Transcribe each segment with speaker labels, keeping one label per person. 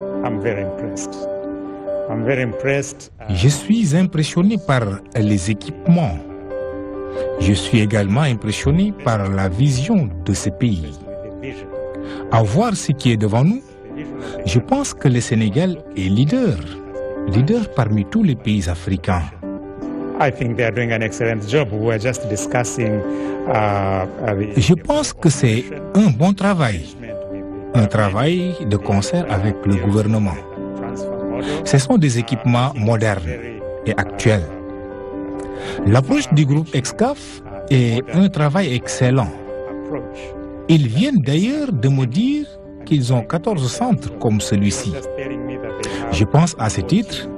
Speaker 1: Uh, je suis impressionné par les équipements. Je suis également impressionné par la vision de ce pays. À voir ce qui est devant nous, je pense que le Sénégal est leader, leader parmi tous les pays africains. Je pense que c'est un bon travail un travail de concert avec le gouvernement. Ce sont des équipements modernes et actuels. L'approche du groupe EXCAF est un travail excellent. Ils viennent d'ailleurs de me dire qu'ils ont 14 centres comme celui-ci. Je pense à ce titre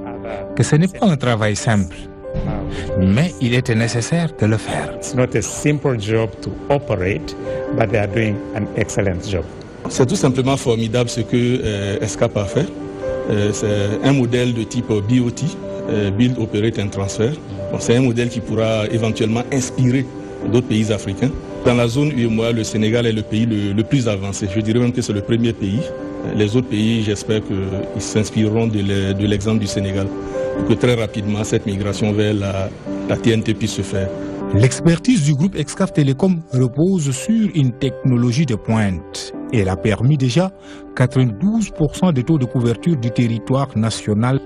Speaker 1: que ce n'est pas un travail simple, mais il était nécessaire de le faire. simple excellent c'est tout simplement formidable ce que euh, ESCAP a fait. Euh, c'est un modèle de type BOT, euh, Build, Operate and Transfer. c'est un modèle qui pourra éventuellement inspirer d'autres pays africains. Dans la zone UEMOA, le Sénégal est le pays le, plus avancé. Je dirais même que c'est le premier pays. Les autres pays, j'espère qu'ils s'inspireront de l'exemple du Sénégal pour que très rapidement cette migration vers la TNT puisse se faire. L'expertise du groupe Excav Télécom repose sur une technologie de pointe. Elle a permis déjà 92% des taux de couverture du territoire national.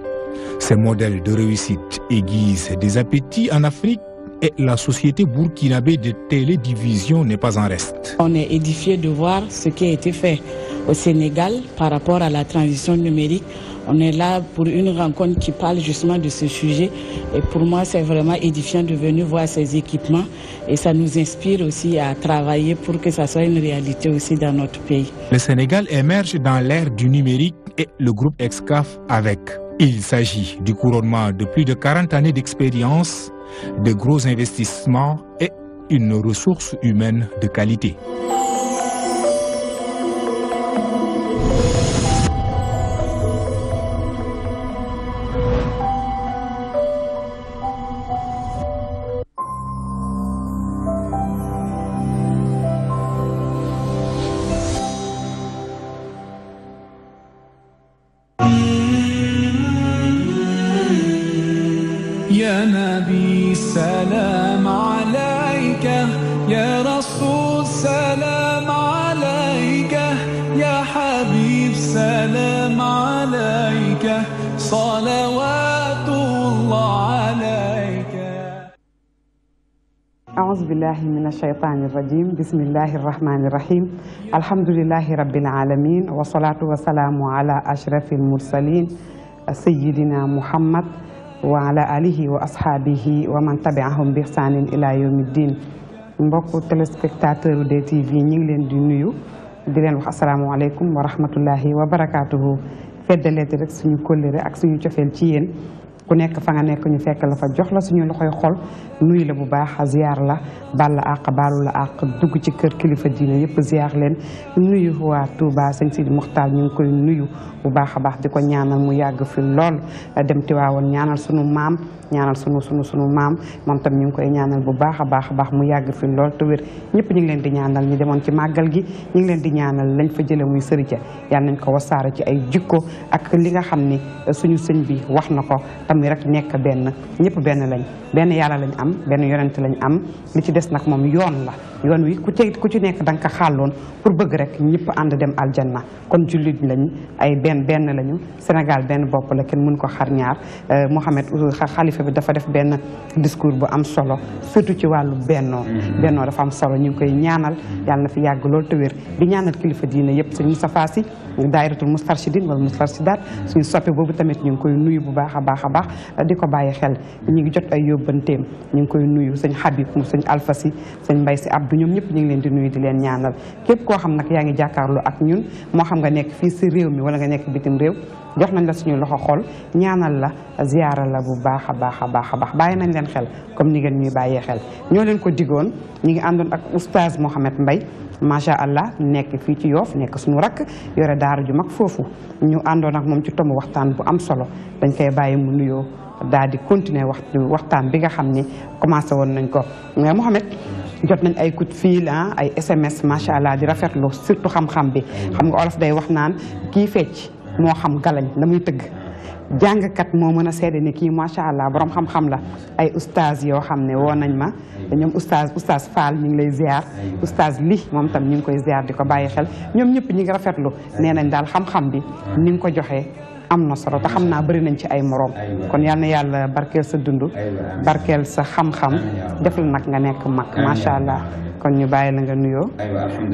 Speaker 1: Ces modèles de réussite aiguisent des appétits en Afrique et la société burkinabé de télédivision n'est pas en reste.
Speaker 2: On est édifié de voir ce qui a été fait au Sénégal par rapport à la transition numérique on est là pour une rencontre qui parle justement de ce sujet. Et pour moi, c'est vraiment édifiant de venir voir ces équipements. Et ça nous inspire aussi à travailler pour que ça soit une réalité aussi dans notre pays.
Speaker 1: Le Sénégal émerge dans l'ère du numérique et le groupe EXCAF avec. Il s'agit du couronnement de plus de 40 années d'expérience, de gros investissements et une ressource humaine de qualité.
Speaker 2: بالله من الشيطان الرجيم بسم الله الرحمن الرحيم الحمد لله رب العالمين والصلاة والسلام على أشرف المرسلين سيدنا محمد وعلى آله وأصحابه ومن تبعهم بإحسان إلى يوم الدين mbokku téléspectateur دي تي في leen دي نيو دلين السلام عليكم ورحمة الله وبركاته فدلت barakaatuhu feddaleeti كل suñu kóllëre تفلتين ku nekk fa nga nekk ñu fekk la fa jox la suñu loxoy xol nuyu la bu baax a ziar la bal la àq baalu la àq dugg ci kër kilifa diine yëpp ziar leen nuyu waa Touba sëñ Sidi Muxtaar ñu ngi koy nuyu bu baax a baax di ko ñaanal mu yàgg fi lool dem Tiwaawoon ñaanal suñu maam ñaanal sunu sunu sunu maam moom tam ñu ngi koy ñaanal bu baax a baax a baax mu yàgg fi lool te wér ñëpp ñu ngi leen di ñaanal ñu demoon ci màggal gi ñu ngi leen di ñaanal lañ fa jële muy sëriñ ca yal nañ ko wasaare ci ay jikko ak li nga xam ni suñu sëñ bi wax na ko xam ni rek nekk benn ñëpp benn lañ benn yàlla lañ am benn yonent lañ am li ci des nag moom yoon la yoon wi ku ci ku ci nekk da nga ko xàlloon pour bëgg rek ñëpp ànd dem aljanna kon jullit lañ ay benn benn lañu Sénégal benn bopp la kenn mun ko xar ñaar Mohamed xalifa bi dafa def benn discours bu am solo surtout ci wàllu bennoo bennoo dafa am solo ñu ngi koy ñaanal yàlla na fi yàgg lool te wér di ñaanal kilifa diine yëpp suñu Moustapha Sy daayiratul Moustarchidine wala Moustarchidaat suñu soppe boobu tamit ñu ngi koy nuyu bu baax a baax a baax di ko bàyyi xel ñu ngi jot ay yóbbanteem ñu ngi koy nuyu sëñ Habib mu sëñ Alpha Sy sëñ Mbaye Sy Abdou ñom ñep ñu ngi leen di nuyu di leen ñaanal képp ko xam nak yaangi jakarlu ak ñun mo xam nga nek fi ci rew mi wala nga nek bitim rew jox nañ la suñu loxo xol ñaanal la ziyara la bu baax a baax baax baye nañ leen xel comme ni ngeen ñuy baye xel ño leen ko digoon ñi ngi andon ak oustaz Mohamed Mbaye Masha allah nek fi ci yof nek suñu rak yore daara ju mak fofu ñu andon ak mom ci tomu waxtaan bu am solo dañ kay baye mu nuyo daal di continuer waxtu waxtaan bi nga xam ni commencé woon nañ ko mais Mohamed jot nañ ay coup de ah ay SMS macha allah di rafetlu surtout xam-xam bi xam nga olof day wax naan kii fecc moo xam galañ la muy tëgg. jàngkat moo mën a seede ni kii macha allah borom xam-xam la ay oustaz yoo xam ne woo nañ ma ñoom oustaz oustaz Fall ñu ngi lay ziar oustaz li moom tam ñu ngi koy ziar di ko bàyyi xel ñoom ñëpp ñi ngi rafetlu nee nañ daal xam-xam bi ni nga ko joxee. am na solo te xam naa bëri nañ ci ay morom kon yal na yàlla barkeel sa dund barkeel sa xam-xam def la nag nga nekk mag macha allah kon ñu bàyyi la nga nuyoo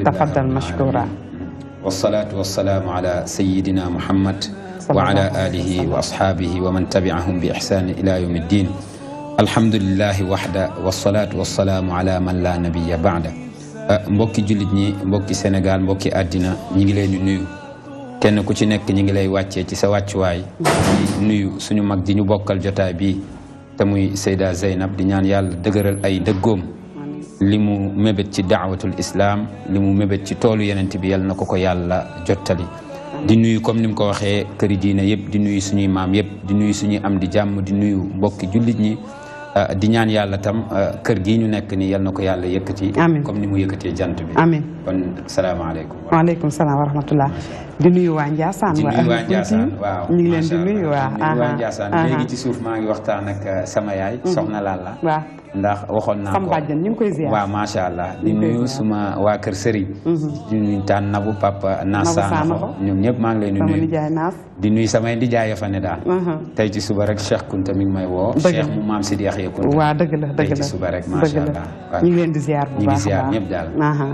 Speaker 2: tafaddal mashkura
Speaker 3: والصلاة والسلام على سيدنا محمد وعلى آله وأصحابه ومن تبعهم بإحسان إلى يوم الدين الحمد لله وحده والصلاة والسلام على من لا نبي بعده mbokki jullit ñi mbokki Sénégal mbokki àddina ñi ngi leen di nuyu kenn ku ci nekk ñi ngi lay wàccee ci sa wàccuwaay di nuyu suñu mag ji ñu bokkal jotaay bi te muy Seyda Zeynab di ñaan yàlla dëgëral ay dëggoom li mu mébét ci daawatul islaam li mu mébét ci toolu yenent bi yal na ko ko yàlla jottali di nuyu comme ni mu ko waxee këri diine yëpp di nuyu suñuy maam yëpp di nuyu suñuy am di jàmm di nuyu mbokki jullit ñi Euh, di ñaan yàlla tam euh, kër gii ñu nekk ni yal na ko yàlla yëkkati. amiin comme ni mu yëkkatee jant bi. amiin kon salaamaaleykum.
Speaker 2: waaleykum salaam wa rahmatullah. di nuyu waa Ndiassane. di nuyu waa Ndiassane
Speaker 3: waaw. ñu ngi leen di ci suuf maa ngi waxtaan ak euh, sama yaay. Mhm. soxna Lalla. ndax waxoon naa ko Sambadjan ñu ngi koy ziar waaw macha allah. di nuyu suma waa kër Serigne. Mhm. di nuyu taan Nabou Papa Nass Sanokho ñoom ñëpp maa ngi lay nuyu. di nuyu samay nijaay ya fa ne daal. Mhm. tey ci suba rek Cheikh Kounta mi ngi may woo. dëgg Cheikh mu maam Sidi Yaxya Kounta. waaw dëgg la dëgg la tey ci suba rek macha leen
Speaker 2: di ziar bu baax a baax ñu daal. Mhm.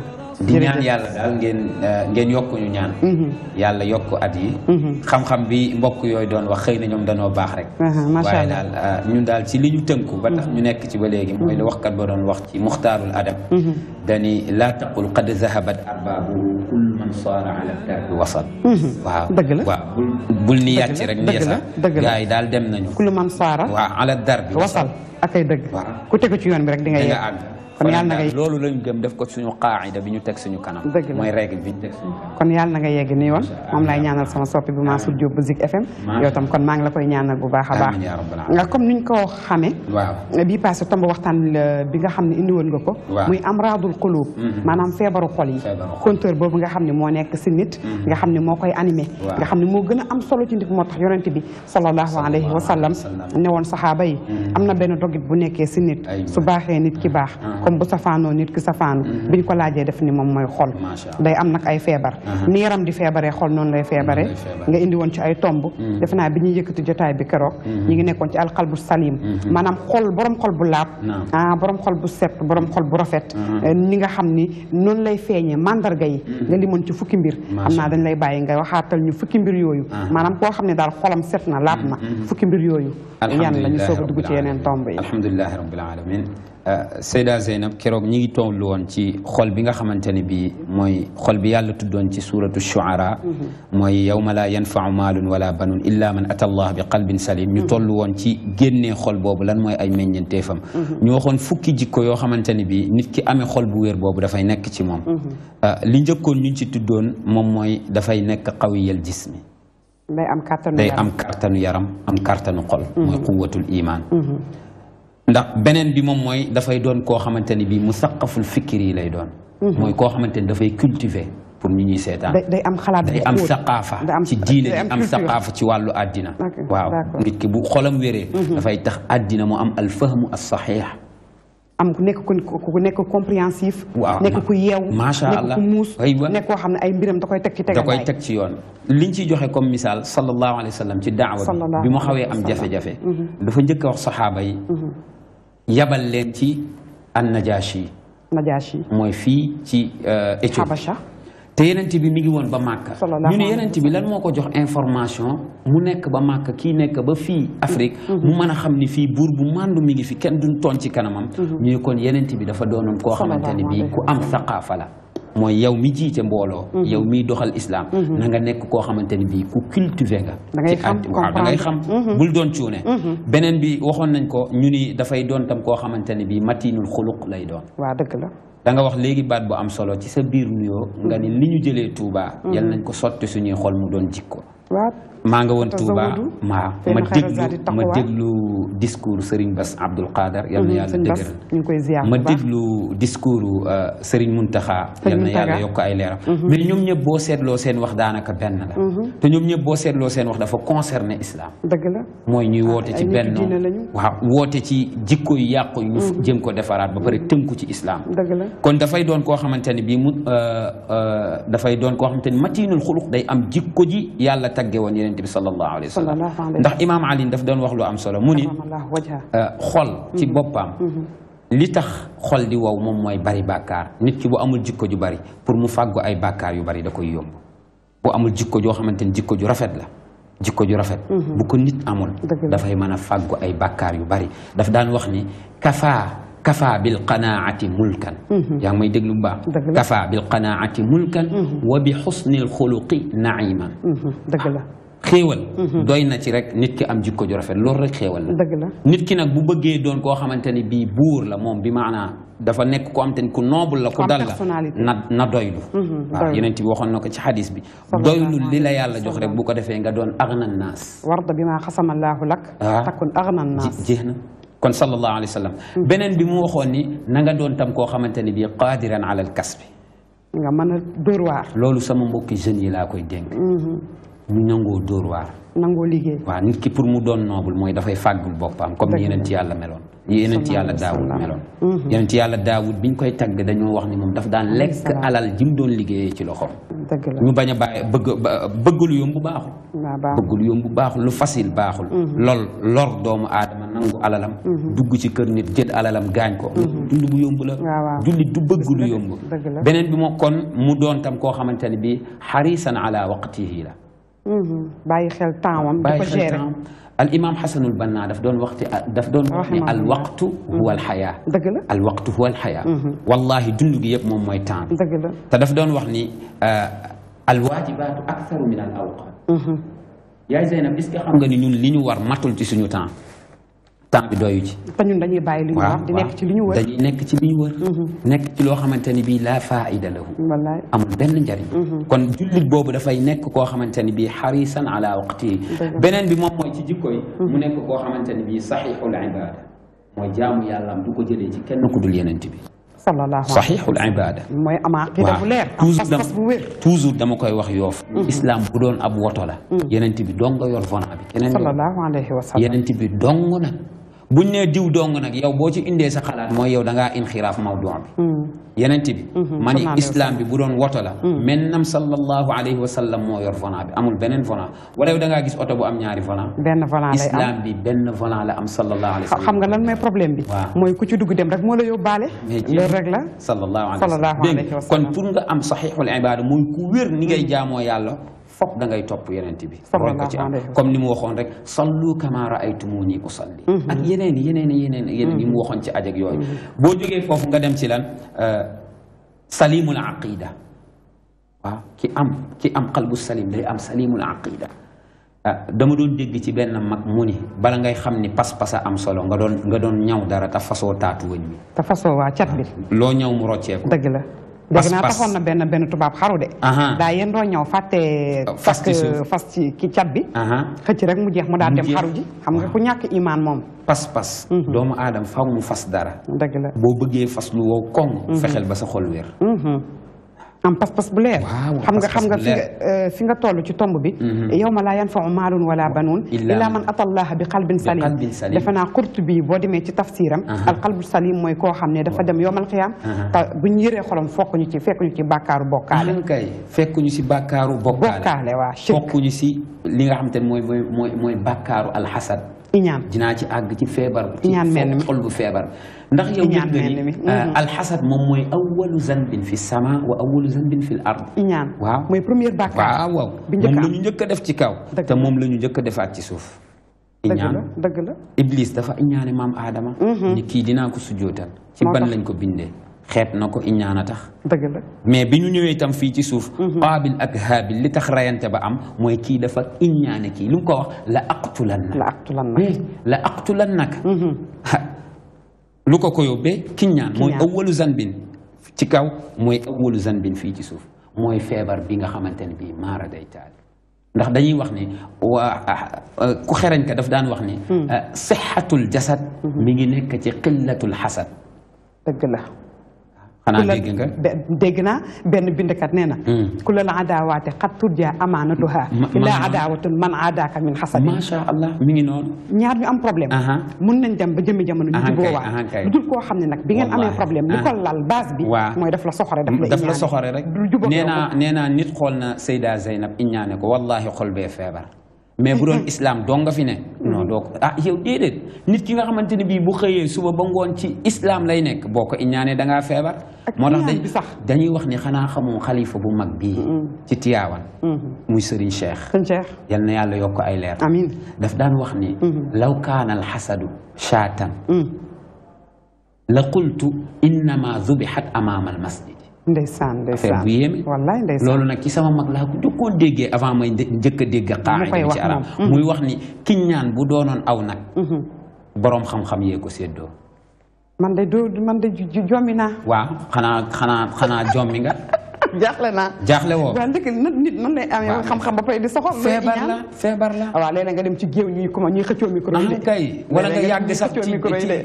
Speaker 3: di ñaan yàlla daal ngeen eh, ngeen yokk ñu ñaan mhm. yàlla yokk at yi mhm. xam-xam bi mbokk yooyu doon wax xëy na ñoom danoo baax rek waaye daal eh, ñun daal ci li ñu tënku ba tax mhm. ñu nekk ci ba léegi mooy la waxkat ba doon wax ci muxtaarul adab dani laa taqul qad zahabat arbaabu kullu man saara ala taabi wasal waaw dëgg la waaw bul ni yàcc rek ni yasa gars yi daal dem nañu kullu man saara waaw ala darbi wasal
Speaker 2: ku tegu ci yoon bi rek di nga yegg
Speaker 3: kon yàlla na nga loolu lañ gëm def ko suñu qaayida bi ñu teg suñu kanam. dëgg la mooy règle bi ñu teg suñu kanam.
Speaker 2: kon yàlla yegg nii woon moom lay ñaanal sama soppi bu Mansour Diop bu Zik FM. yow kon maa ngi koy ñaanal bu baax a baax. nga comme niñ ko xamee. waaw bii tomb waxtaan bi nga xam ne indi woon nga ko. muy amraadul qulub. Mm-hmm. maanaam feebaru xol yi. compteur boobu nga xam ne moo nekk si nit. Mm-hmm. nga xam ne moo koy animé. nga xam ne moo gën a am solo ci nit moo tax yonent bi sallallahu alayhi wa sallam ne woon saxaaba yi mm-hmm. am na benn dogit bu nekkee si nit su baaxee nit ki baax comme bu safaanoo nit ki safano biñ ko lajé def ni mom moy xol day am nak ay fièvre ni yaram di fièvre xol non lay fièvre nga indi won ci ay tombe def na biñu ñuy jotaay bi kérok ñi ngi nekkon ci al qalbu salim manam xol borom xol bu laab ah borom xol bu sep borom xol bu rafet ni nga xamni non lay feeñee mandar gay nga mon ci fukki mbir amna dañ lay bàyyi nga waxatal ñu fukki mbir yoyu manam ko xamni dal xolam set na laab na fukki mbir yoyu yalla lañu ñu soog dugg ci yenen tombe yi
Speaker 3: rabbil alamin Seyda Zeynab keroog ñi ngi toll ci xol bi nga xamante ne bii mooy xol bi yàlla tuddoon ci suuratu shuara mhm. mooy yawma laa yanfau maalun wala banun illa man ata allah bi qalbin salim ñu mhm. toll woon ci génnee xol boobu lan mooy ay meññenteefam mhm. ñu waxoon fukki jikko yoo xamante ne bii nit ki amee xol bu wér boobu dafay nekk ci moom euh, li njëkkoon ñu ci tuddoon moom mooy dafay nekk qawiyal jismi
Speaker 2: day am
Speaker 3: kàttanu yaram am kàttanu xol mooy quwatul iman ndax benen bi moom mooy dafay doon koo xamante ni bii mu saqaful lay doon. moy ko xamanteni da fay cultiver pour ñi ñi sétan day
Speaker 2: am xalaat day am
Speaker 3: saqafa ci diine day am saqafa ci walu adina waaw nit ki bu xolam wéré da fay tax adina mu am al fahm as sahih
Speaker 2: am ku nekk ku nek compréhensif. nek nekk ku yeew. macha allah nekk ku muus nekk
Speaker 3: koo ay mbiram da koy teg ci tegaay. da koy teg ci yoon liñ ci joxe comme misal sallallahu alayhi wasallam ci da'wa bi. mu xawé am jafe-jafe. dafa njëkk a wax sahaba yi. yabal leen ci an najaashi najaashi mooy fii ci euh, Éthiopie Habasha te yenent bi mi ngi woon ba Màkka ñu ne yenent bi lan moo ko jox information mu nekk ba Màkka kii nekk ba fii Afrique mm-hmm. mu mën a xam ni fii buur bu màndu mi ngi fi kenn duñ toon ci kanamam mm-hmm. ñu ne kon yenent bi dafa doonoon koo xamante ni bii ku am saqaafa la mooy yow mi jiite mbooloo. Mhm. yow miy doxal islaam mhm. na nga nekk koo xamante ni bii ku cultivé nga. da ngay xam waaw da ngay xam. Mhm. bul doon cuune. beneen bi waxoon nañ ko ñu ni dafay doon tam koo xamante ne bii matinul xuluq lay doon. waaw la. da nga wax léegi baat bu am solo ci sa biir nuyoo. nga ni li ñu jëlee Touba. yal nañ ko sotti suñuy xol mu doon jikko. waaw maa nga woon Touba waaw ma déglu ma déglu discours Serigne Bass Abdoul Khadar yal na mhm, yàlla
Speaker 2: dëgëral ma
Speaker 3: déglu discours euh, Serigne Mountakha yal na yàlla yokk ay leeram mhm. mais ñoom ñëpp boo seetloo seen wax daanaka benn la mhm. te ñoom ñëpp boo seetloo seen wax dafa concerné islam dëgg la mooy ñuy ah, woote ci benn waaw woote ci jikko yu yàqu ñu jëm ko defaraat ba pare tënku ci islam dëgg la kon dafay doon koo xamante ne bii mu euh, euh, dafay doon koo xamante ne matinul xuluq day am jikko ji yàlla tagge woon yonent bi sallallahu alayhi wa sallam ndax imaam Ali daf doon wax lu am solo mu ni xol ci boppam li tax xol di wow moom mooy bari bàkkaar nit ki bu amul jikko ju bari pour mu fàggu ay bàkkaar yu bari da koy yomb bu amul jikko joo xamante ni jikko ju rafet la jikko ju rafet bu ko nit amul dafay mën a fàggu ay bàkkaar yu bari daf daan wax ni kafaa kafa bil qanaati mulkan yaa ngi may déglu bu baax kafa bil qanaati mulkan wa bi xusnil xuluqi naiman dëgg la xewal doyna ci rek nit ki am jikko ju rafet lool rek xewal la dëgg la nit ki nak bu beugé doon ko xamanteni bi bour la mom bi maanaa dafa nek ko am te ni ku noble la ku dal la na na doylu wa yeneen bi waxon nako ci hadith bi doylu lila yàlla jox rek bu ko defé nga doon agna nas
Speaker 2: warda bima khasama allah lak takun agna nas
Speaker 3: jehna kon sallallahu alayhi wasallam benen bi mu waxon ni na nga doon tam ko xamanteni bi qadiran ala al kasb
Speaker 2: nga man dóor war
Speaker 3: lolou sama mbokk jeunes yi la koy dénk ñu nangoo dóor waar.
Speaker 2: nangoo liggéey.
Speaker 3: waaw nit ki pour mu doon noobul mooy dafay fàggul boppam comme ni yeneen ci yàlla meloon. ni yeneen ci yàlla daawud meloon. yeneen ci yàlla daawud bi koy tagg dañoo wax ni moom daf daan lekk alal ji doon liggéeyee ci loxoom. ñu bañ a bàyyi bëgg bëggul yomb baaxul. bëggul yomb baaxul lu facile baaxul. Mhm. lool lor doomu aadama nangu alalam. Mhm. dugg ci kër nit jël alalam gaañ ko. dund mhm. bu yomb la. jullit du bëgg lu beneen bi moo kon mu doon tam koo xamante ne bi xarisan ala waqtihi la الامام حسن البنا دفدون وقتي دفدون الوقت هو الحياه الوقت هو الحياه والله دندو ييب موم موي تان دغلا تا آه، الواجبات اكثر من الاوقات يا زينب اسكي خمغني نون لي وار ماتول تي سونو temps bi doyu ci.
Speaker 2: te ñun dañuy bàyyi li ñu wax di nekk ci
Speaker 3: li ñu wër dañuy nekk ci li ñu wër. nekk ci loo xamante ni bii laa faayida lahu. wallaay amul benn njariñ. kon jullit boobu dafay nekk koo xamante ni bii xarisan ala waqti beneen bi moom mooy ci jikko yi. mu nekk koo xamante ni bii saxiixul ibaada mooy jaamu yàllaam du ko jëlee ci kenn ku dul yeneen bi.
Speaker 2: sallallahu saxiixul ibaada. mooy am aqida bu leer am pas-pas
Speaker 3: bu wér. toujours dama koy wax yoof. islam bu doon ab woto la. yeneen bi dong nga yor volant bi. keneen yeneen bi dong na buñ nee diw nag yow boo ci indee sa xalaat mooy yow da ngaa inxiraaf mawduu bi hmm. yenent bi hmm, hmm. ma ni bu doon woto la men nam sallallahu alayhi wa sallam moo yor volant bi amul beneen volant wala yow da ngaa gis oto bu am ñaari volant
Speaker 2: benn volant lay am islam bi
Speaker 3: benn volant la am sallallahu xam nga
Speaker 2: lan mooy problème bi waaw mooy ku ci dugg dem rek moo la yóbbaale
Speaker 3: loolu rek la sallallahu alayhi wa sallam kon pour nga am saxiixul ibaada ku wér ni ngay jaamoo yàlla fop da ngay topp yonent bi roy ko ci am comme ni mu waxon rek sallu kama raaytumuni usalli mhm. ak yenen yenen yenen yenen ni mu mhm. waxon ci adjak yoy mhm. bo joge foofu nga dem ci lan euh, salimul aqida wa ki am ki am qalbu salim day am salimul aqida euh, dama doon deg ci ben mak muni bala ngay xamni pass pas am solo nga doon nga doon ñaw dara ta faso taatu wëñ bi ta
Speaker 2: faso wa chat
Speaker 3: bi lo ñaw mu rocceeku deug la dégg naa taxoon na
Speaker 2: benn benn tubaab xaru
Speaker 3: de. daa
Speaker 2: yéen doo ñëw fàtte. fas ci fas ci ki cat bi. xëcc rek mu jeex mu daal dem xaru ji. xam nga ku ñàkk imaan moom.
Speaker 3: pas-pas. Mhm. doomu aadama faaw mu fas dara. dëgg la boo bëggee fas lu wow koŋ. Mhm. fexeel ba sa xol wér.
Speaker 2: Mhm. am pass pass bu leer. xam nga xam nga fi nga tollu ci tomb bi. yawma la yanfau malun wala banun illa man atallaha bi qalbin salim defena naa Qurtubi bo demé ci tafsiram. al qalbu salim moy ko xamné dafa dem yawmal qiyam ta bu ñu yëree xolam fokk ñu ci fekk ñu ci bakaru
Speaker 3: bokale kay fekk ñu ci bakaru bokale wa waaw fokk ñu ci li nga xamanté moy moy moy bakaru al hasad alxasad. dina ci ag ci febar ci xol bu febar ندخل يوم الحسد مم أول ذنب في السماء وأول ذنب في الأرض نعم واو مم بروميير باك واو واو مم لو نجك كدف تكاو تمام لو نجك كدف أتشوف نعم دقلا إبليس دفع إنيان مام آدم نكيد دينا كسجودا شبان لين كبيند خير نكو إنيان تخ دقلا مم بينو نيو يتم في تشوف قابل أكهاب اللي تخرين تبعم مم كيد دفع إنيان كي لو لا أقتلنك لا أقتلنك لا أقتلنك luko ko yobbe yóbbee moy awwalu zanbin ci kaw moy awwalu zanbin fi ci suuf moy febar bi nga xamantene bi mara day taal ndax dañuy wax ni wa ku xereñ ka daf daan wax ni sihhatul jasad mi ngi nek ci qillatul hasad deug la xanaa dégg nga dégg naa benn bindkat nee na.
Speaker 2: ku la la adaawaate xat tudja amaanatuha. fi laa adaawatun man aadaaka min xasadi. macha allah mi ngi noonu. ñaar ñu am problème. mun nañ dem ba jëmi jamono ñu jubóowaat. lu dul koo xam ne nag bi ngeen amee problème. li ko lal base bi. waaw mooy daf la soxore daf la iñaane daf la soxore
Speaker 3: rek. du jubóo nee naa nee naa nit xool na Seyda Zeynab iñaane ko wallahi xol bee feebar. mais bu doon islam do nga fi ne. non do ah yow dedet nit ki nga xamanteni bi bu xeye suba ba ngon ci islam lay nek boko iñane da nga febar motax dañ bi sax dañuy wax ni xana xamu khalifa bu mag bi ci Tiwaawan. muy Serigne Cheikh. Serigne Cheikh yal na yàlla yokk ay leer. amin daf daan wax ni. law kana al hasad shatan la qultu inma zubihat amama al masjid
Speaker 2: ndeysaan ndeysaan bu yéeme wallaay ndeysaan loolu
Speaker 3: nag ci sama mag laa ko jëkkoon déggee avant may njëkk a dégg xaaxida ci arab muy wax ni kiññaan bu doonoon aw nag mhm. boroom xam-xam yee ko séddoo
Speaker 2: man de du man de jommi naa
Speaker 3: waaw xanaa xanaa
Speaker 2: jaaxle naa. jaaxle woo waaw ndëkk nit nan lay xam-xam ba pay di feebar la feebar la. waa léeg nga dem ci géew ñuy comment ñuy xëccoo micro yi de. ah kay wala nga yàgg
Speaker 3: sax ci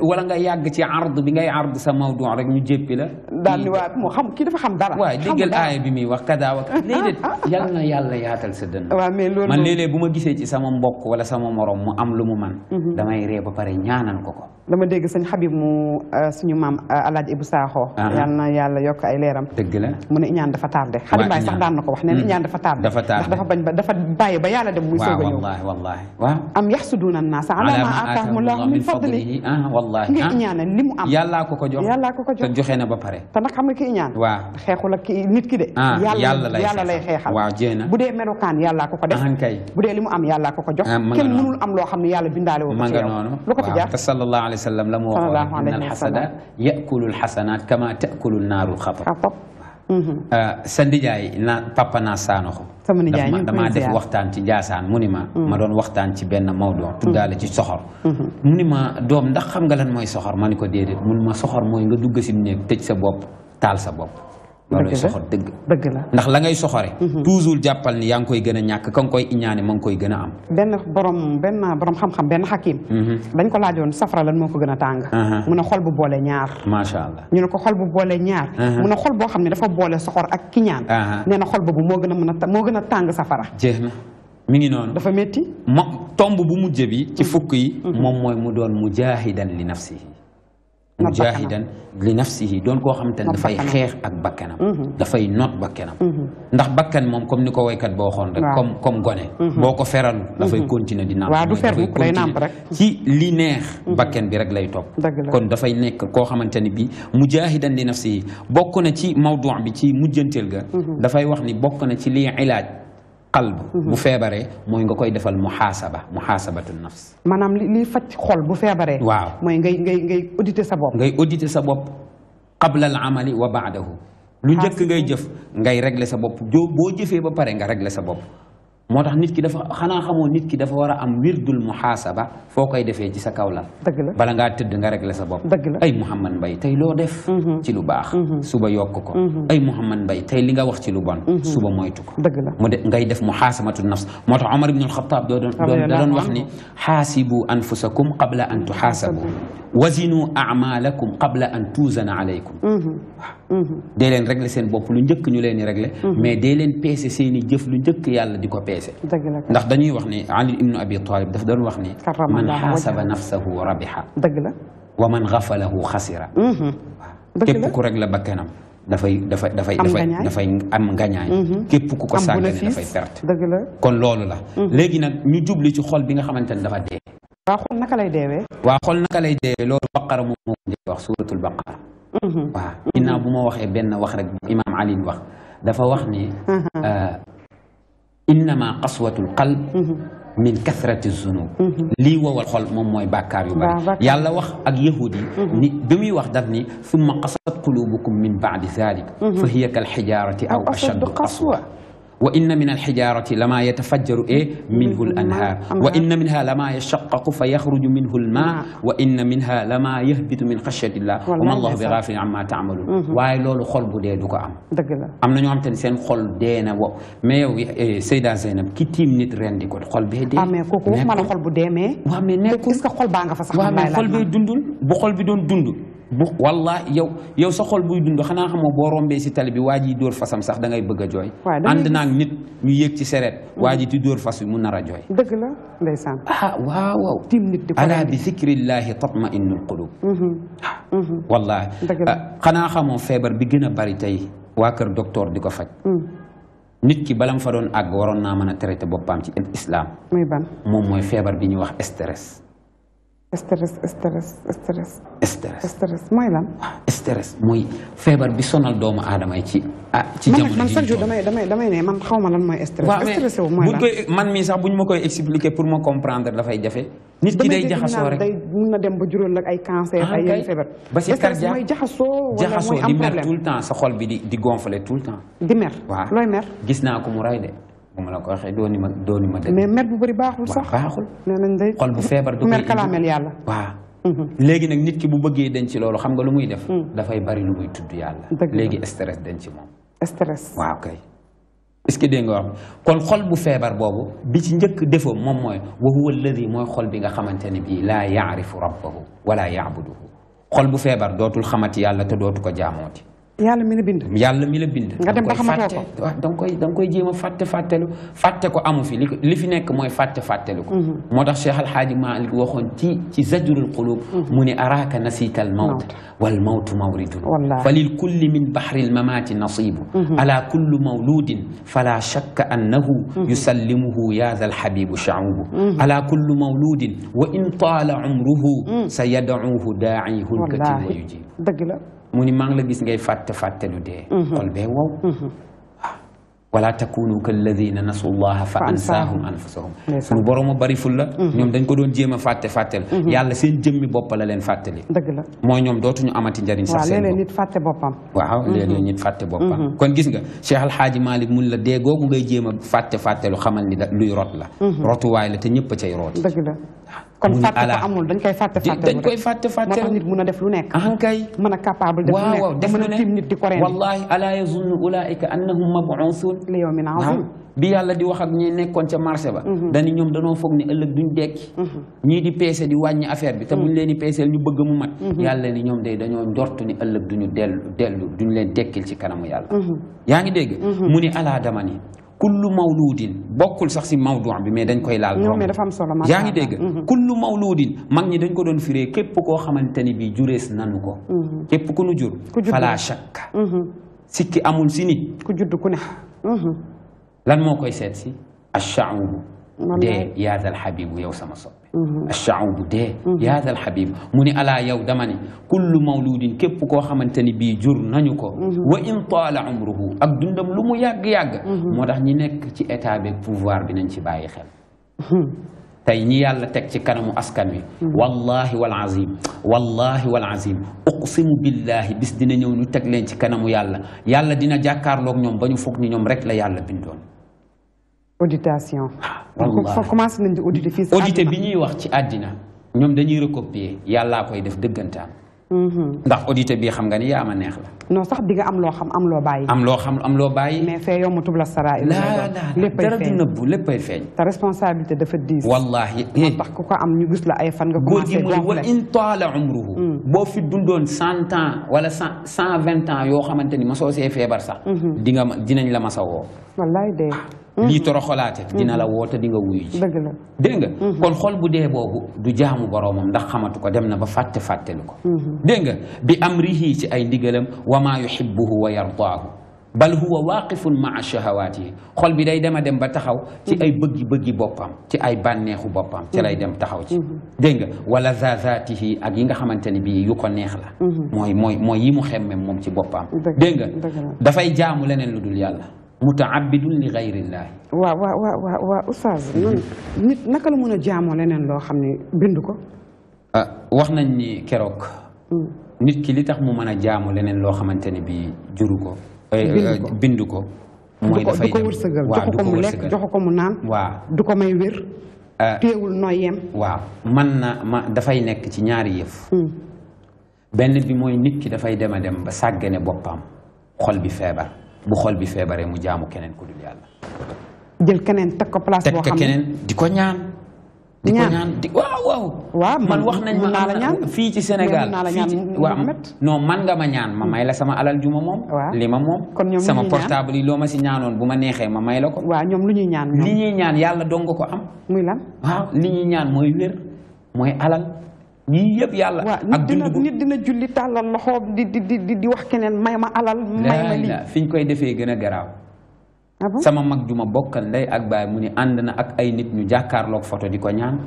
Speaker 3: wala nga yàgg ci ard bi ngay ard sama mawdu rek ñu jéppi la. daal ni waa moo xam kii dafa xam dara. waaw déggal aaya bi muy wax kadaawa. léeg-léeg yal na yàlla yaatal sa dënn. waaw mais loolu man léeg bu ma gisee ci sama mbokk wala sama morom mu am lu mu man mhm. da may ree ba pare ñaanal ko ko
Speaker 2: dama dégg sëñ Habib mu euh, suñu maam euh, Alaaji Ibu Saaxo ah, ah. yal na yàlla yokk ay leeram dëgg la mu ne iñaan dafa tardé Habib Mbaye sax daan ko ne hmm. iñaan dafa tardé ndax bañ ba dafa bàyyi ba yàlla dem muy soog a ñëw wallaahi
Speaker 3: wallaahi waaw
Speaker 2: am yaxsuduuna a ala ma aataahum allah min fadli ah, wallaahi nga iñaane li mu am
Speaker 3: yàllaa ko ko jox yàllaa ko ko jox te joxe na ba pare
Speaker 2: te nag xam nga ki iñaan waaw xeexul ak ki nit ki de yàlla yàlla lay xeexal waaw jéem na bu dee melokaan yàllaa ko ko def bu dee li mu am yàllaa ko ko jox kenn mënul am loo xam ne yàlla bindaale woo ko ci lu ko
Speaker 3: fi عليه وسلم لم يقل إن الحسد يأكل الحسنات كما تأكل النار الخطر آه، سنديجاي نا بابا ناسانه
Speaker 2: دفما دف وقت
Speaker 3: أنت جاسان مني ما دون وقت أنت بين الموضوع تقول لي سخر مني دوم دخم قالن ماي سخر ماني كديري مني ما سخر ماي لدوجسي منك تجسبوب تالسبوب loolu lay soxor dëgg dëgg la ndax la soxore mhm. toujours jàppal ni yaa ngi koy gën a ñàkk ka nga koy iñaane ma ngi koy gën am
Speaker 2: benn borom benn borom xam-xam benn xakim mhm. dañ ko laajoon safara lan moo ko gën a tàng mhm. mun a xol bu boole ñaar macha allah ñu ne ko xol bu boole ñaar mun xol boo xam ne dafa boole soxor ak kiñaan nee na xol boobu moo gën a mën a moo gën a tàng safara
Speaker 3: jeex na mi ngi noonu dafa metti ma tomb bu mujj bi ci fukk yi moom mooy mu doon mujaahidan li nafsi mujaahidan li nafsihi doon koo xamante ne dafay xeex ak bakkanam mhm. dafay noot bakkanam mhm. ndax bakkan moom comme ni ko waykat boo xoon rek comme comme gone mhm. boo ko feralu dafay continuer di nàmp dafay continuer ci li neex bakkan bi rek lay topp kon dafay nekk koo xamante ne bi mujaahidan li nafsihi bokk na ci mawdu bi ci mujjanteel ga dafay wax ni bokk na ci li ilaaj قلب بو فيبره موي غاكاي ديفال محاسبه محاسبه النفس
Speaker 2: مانام لي فات خول بو فيبره واو موي غاي غاي غاي اوديتي سا بوب
Speaker 3: غاي اوديتي سا بوب قبل العمل وبعده لو نجهك غاي جيف غاي ريغلي سا بوب بو جيفه با بارا غا ريغلي سا بوب moo tax nit ki dafa xanaa xamoo nit ki dafa war a am wirdul muhaasaba foo koy defee ci sa kaw la bala ngaa tëdd nga régler sa bopp ay Mouhamad Mbaye tey loo def ci lu baax suba yokk ko ay Mouhamad Mbaye tey li nga wax ci lu bon suba moytu ko mu de ngay def muhaasabatu nafs moo tax Omar ibn al doo doon da doon wax ni xaasibu anfusakum qabla an tuxaasabu wazinu amalakum qabla an tuuzana alaykum
Speaker 2: waaw
Speaker 3: dee leen régler seen bopp lu njëkk ñu leen di régler mais dee leen peese seen i jëf lu njëkk yàlla di ko peese كويسه دقلك ندخ دني وخني علي ابن ابي طالب دف دون وخني من حاسب نفسه ربح دقلا ومن غفله خسر اها كيف كو رجل بكنم دافاي دافاي دافاي دافاي دافاي ام غنياي كيف كو كو سانك دافاي بيرت دقلا كون لولو لا لغي نا ني جوبلي سي خول بيغا خمانتن دافا دي وا خول نكا لاي ديوي دي لولو البقره اها وا انا بوما وخه بن علي وخ دافا وخني انما قسوه القلب من كثره الذنوب لي و الخول موم موي بكار يو يالا واخ اك يهودي بيمي واخ دافني ثم قسوت قلوبكم من بعد ذلك فهي كالحجاره او اشد قسوه وإن من الحجارة لما يتفجر إيه منه الأنهار وإن منها لما يشقق فيخرج منه الماء نعم. وإن منها لما يهبط من خشية الله وما الله بغافل عما تعملون واي لول خول بودي دوكو ام ام نانيو ام تاني سين خول دينا و مي إيه، سيدا زينب كي تيم نيت رندي كو خول بي دي امي كوكو مانا
Speaker 2: خول بودي مي وامي نيكو اسكو خول باغا فا صاح وامي خول بي
Speaker 3: دوندول بو خول بي دون دوندول bu walla yow yow sa xol buy dund xanaa xamoo boo rombee si tali bi waa ji dóor fasam sax da ngay bëgg a jooy ànd naag nit ñu yéeg ci sereet waa ji di dóor fas wi mu nar a jooy
Speaker 2: dëgg la ndeysaan ah waaw waaw tim nit di ala bi
Speaker 3: zikrillaahi tatma innul qulub wallaahi xanaa xamoo feebar bi gën a bari tey waa kër docteur di ko faj nit ki balam fa doon àgg waroon naa mën a traité boppam ci islam muy ban moom mooy feebar bi ñuy wax stress
Speaker 2: stress stress stress. stress stress mooy lan.
Speaker 3: stress mooy feebar bi sonal doomu aadama yi ci ah. ci jamono man
Speaker 2: damay damay damay ne man xaw ma lan mooy stress. stress wu mooy lan
Speaker 3: man mii sax bu ñu ma koy expliquer pour ma comprendre dafay jafe. nit ki day jaxasoo rek day
Speaker 2: mun na dem ba jural ak ay cancer ah, ay yenn feebar. ba si cardiaque mooy jaxasoo. wala mooy tout
Speaker 3: le temps sa xol bi di di gonfler tout le temps. di mer. waaw looy mer. gis naa ko mu ray de. ومنك واخا دوني ما دوني ما
Speaker 2: مي مير بو بري باخول صح باخول نانا ندي قلب فيبر دو مير كلام يالا
Speaker 3: وا لغي نك نيت كي بو بغي دنجي لولو خمغا لوموي ديف دا فاي باري لوموي تود يالا لغي استرس دنجي موم استرس وا كاي اسكي دي نغ واخ كون خول بو فيبر بوبو بيتي نيك ديفو موم موي وهو yàlla mi la bind. yàlla mi la bind. nga dem ba xamatoo ko da nga koy da nga koy jéem a fàtte fàttelu fàtte ko amu fi li fi nekk mooy fàtte fàttelu ko. moo tax Cheikh Al Hadj Malick waxoon ci ci zajrul qulub. mu ne araaka nasita al mawt wal mawtu mawridun. wallaahi fa lil kulli min baxri al mamaati nasibu. ala kullu mawludin fala shakka annahu. yusallimuhu yaa zal xabibu shaubu. ala kullu mawludin wa in taala umruhu. sa yadacuhu daaci hulkatin wa yujib dëgg la. mu ni maa ngi la gis ngay fàtte fàtte lu dee mhm. xol bee wow mhm. ah. wala takunu kalladina nasu llaha fa ansahum anfusahum suñu borom a bari ful la mhm. ñoom dañ ko doon jéem a fàtte fàttel yàlla seen jëmmi bopp la leen fàttali dëgg la mooy ñoom dootuñu amati njariñ sax seen boppam waaw léeg ñu nit fàtte boppam kon gis nga Cheikh Alhaaji Malick mun la dee googu ngay jéem a fàtte fàttelu xamal ni da luy rot la rotuwaay la te ñëpp a cay root kon fàtte ko amul dañ koy fàtte fàtte dañ koy
Speaker 2: fàtte fàtte moo tax nit a def lu nekk ah, ankay mën a capable def lu nekk a di ko wallahi
Speaker 3: ala yazunnu ulaika annahum mabuusun li yawmin ah, bi yàlla di wax ak ñi nekkoon ca marché ba mhm. dañi ñoom danoo foog ni ëllëg duñ dekki mhm. ñii di peese di wàññi affaire bi te buñ mhm. leen di peeseel ñu bëgg mu mat yàlla ni ñoom day dañoo njortu ni ëllëg duñu dellu duñ leen dekkil ci kanamu yàlla yaa ngi dégg mu ni ala kullu mawluudin bokkul sax si mawdu bi mais dañ koy laal mais dafa am solo yaa ngi dégg mm-hmm. kullu mawluudin mag ñi dañ ko doon fire képp koo xamante ni bii jurees nanu ko mm-hmm. képp ku nu jur fala shakka mm-hmm. siki amul si ni ku judd ku ne lan moo koy seet si ashaubu dee yaadal habibu yow sama sopp
Speaker 2: الشعوب
Speaker 3: دي يا هذا الحبيب مني على يو دمني كل مولود كيف كو خمانتني بي جور نانيكو وإن طال عمره ak dundam lu mu yàgg yàgg moo tax ñi nekk ci état bi pouvoir bi nañ ci bàyyi xel tey ñi yàlla teg ci kanamu askan wi wallahi wal azim wallahi wal azim uqsimu billahi bis dina ñëw ñu teg leen ci kanamu yàlla yàlla dina jàkkaarloog ñoom ba ñu foog ni ñoom rek la yàlla bindoon
Speaker 2: auditation. wallaahi donc commencé nañ di auditer fii si
Speaker 3: auditer bi ñuy wax ci àddina ñoom dañuy recopier yàllaa koy def dëggantaan. Mm-hmm. ndax auditer bi xam nga ni yaa ma neex
Speaker 2: la. sax di am loo xam am loo bàyyi. am loo
Speaker 3: xam am loo bàyyi. mais fee yomb tub la saraa. léppay feeñ dara du nëbbu léppay feeñ.
Speaker 2: te responsabilité dafa diis. wallaahi. moo eh. tax ku ko am ñu gis la ay fan nga. commencé góor gi mu wa in
Speaker 3: taala umruhu mm. boo fi dundoon cent wala cent cent vingt ans yoo xamante ni ma soo see feebar sax. Mm-hmm. di nga dinañ la ma sa woo. Mhm. lii toroxolaate mhm. dina la woote di nga wuyu ji dëgg la dégg nga mhm. kon xol bu dee boobu du jaamu boroomam ndax xamatu ko dem na ba fàtte fàttelu ko dégg nga bi amrihi ci ay ndigalam wa maa yuhibbuhu wa yardaahu bal huwa waaqifun maa shahawaat yi xol bi day dema dem ba taxaw ci ay bëggi-bëggi boppam ci ay bànneexu boppam ci lay dem taxaw ci dégg nga wala zazatihi ak yi nga xamante ne bii yu ko neex la mooy mooy mooy yi mu xemmem moom ci boppam dégg dafay jaamu leneen lu dul yàlla mutaabidun li gayrillaahi
Speaker 2: waaw waaw waaw waaw oustaz nan nit naka la mën a jaamoo leneen loo xam ne bind ko
Speaker 3: ah, wax nañ ni keroog hmm. nit ki li tax mu mën a jaamu leneen loo xamante ne bi juru ko eh, bind ko eh, mooy ko mu lekk jox ko mu naan waaw
Speaker 2: du ko may wér
Speaker 3: eh. téewul noyyeem man na ma dafay nekk ci ñaari yëf hmm. benn bi mooy nit ki dafay dem a dem ba sàggane boppam xol bi feebar bu xol bi febaré mu jaamu keneen ku dul yalla jël keneen tek ko place bo xam ne keneen di ñaan. di ñaan di waaw waaw. wa man wax nañ ma la ñaan fi ci Sénégal fii ci non man nga ma ñaan ma hmm. may la sama alal juma mom lima mom sama portable yi loo ma si ñaanoon bu ma ma may la ko. wa ñom lu ñaan ñoom li ñuy ñaan yalla dong ko am. muy lan waaw li ñuy ñaan moy wër moy alal ñii yeb yalla ak dund bu nit dina julli
Speaker 2: talal loxo di di di di wax keneen mayma alal mayma li
Speaker 3: fiñ koy defé gëna graw ah sama mag ju bokkal nday ak bay mu ni and na ak ay nit ñu jàkkaarloog photo di ñaan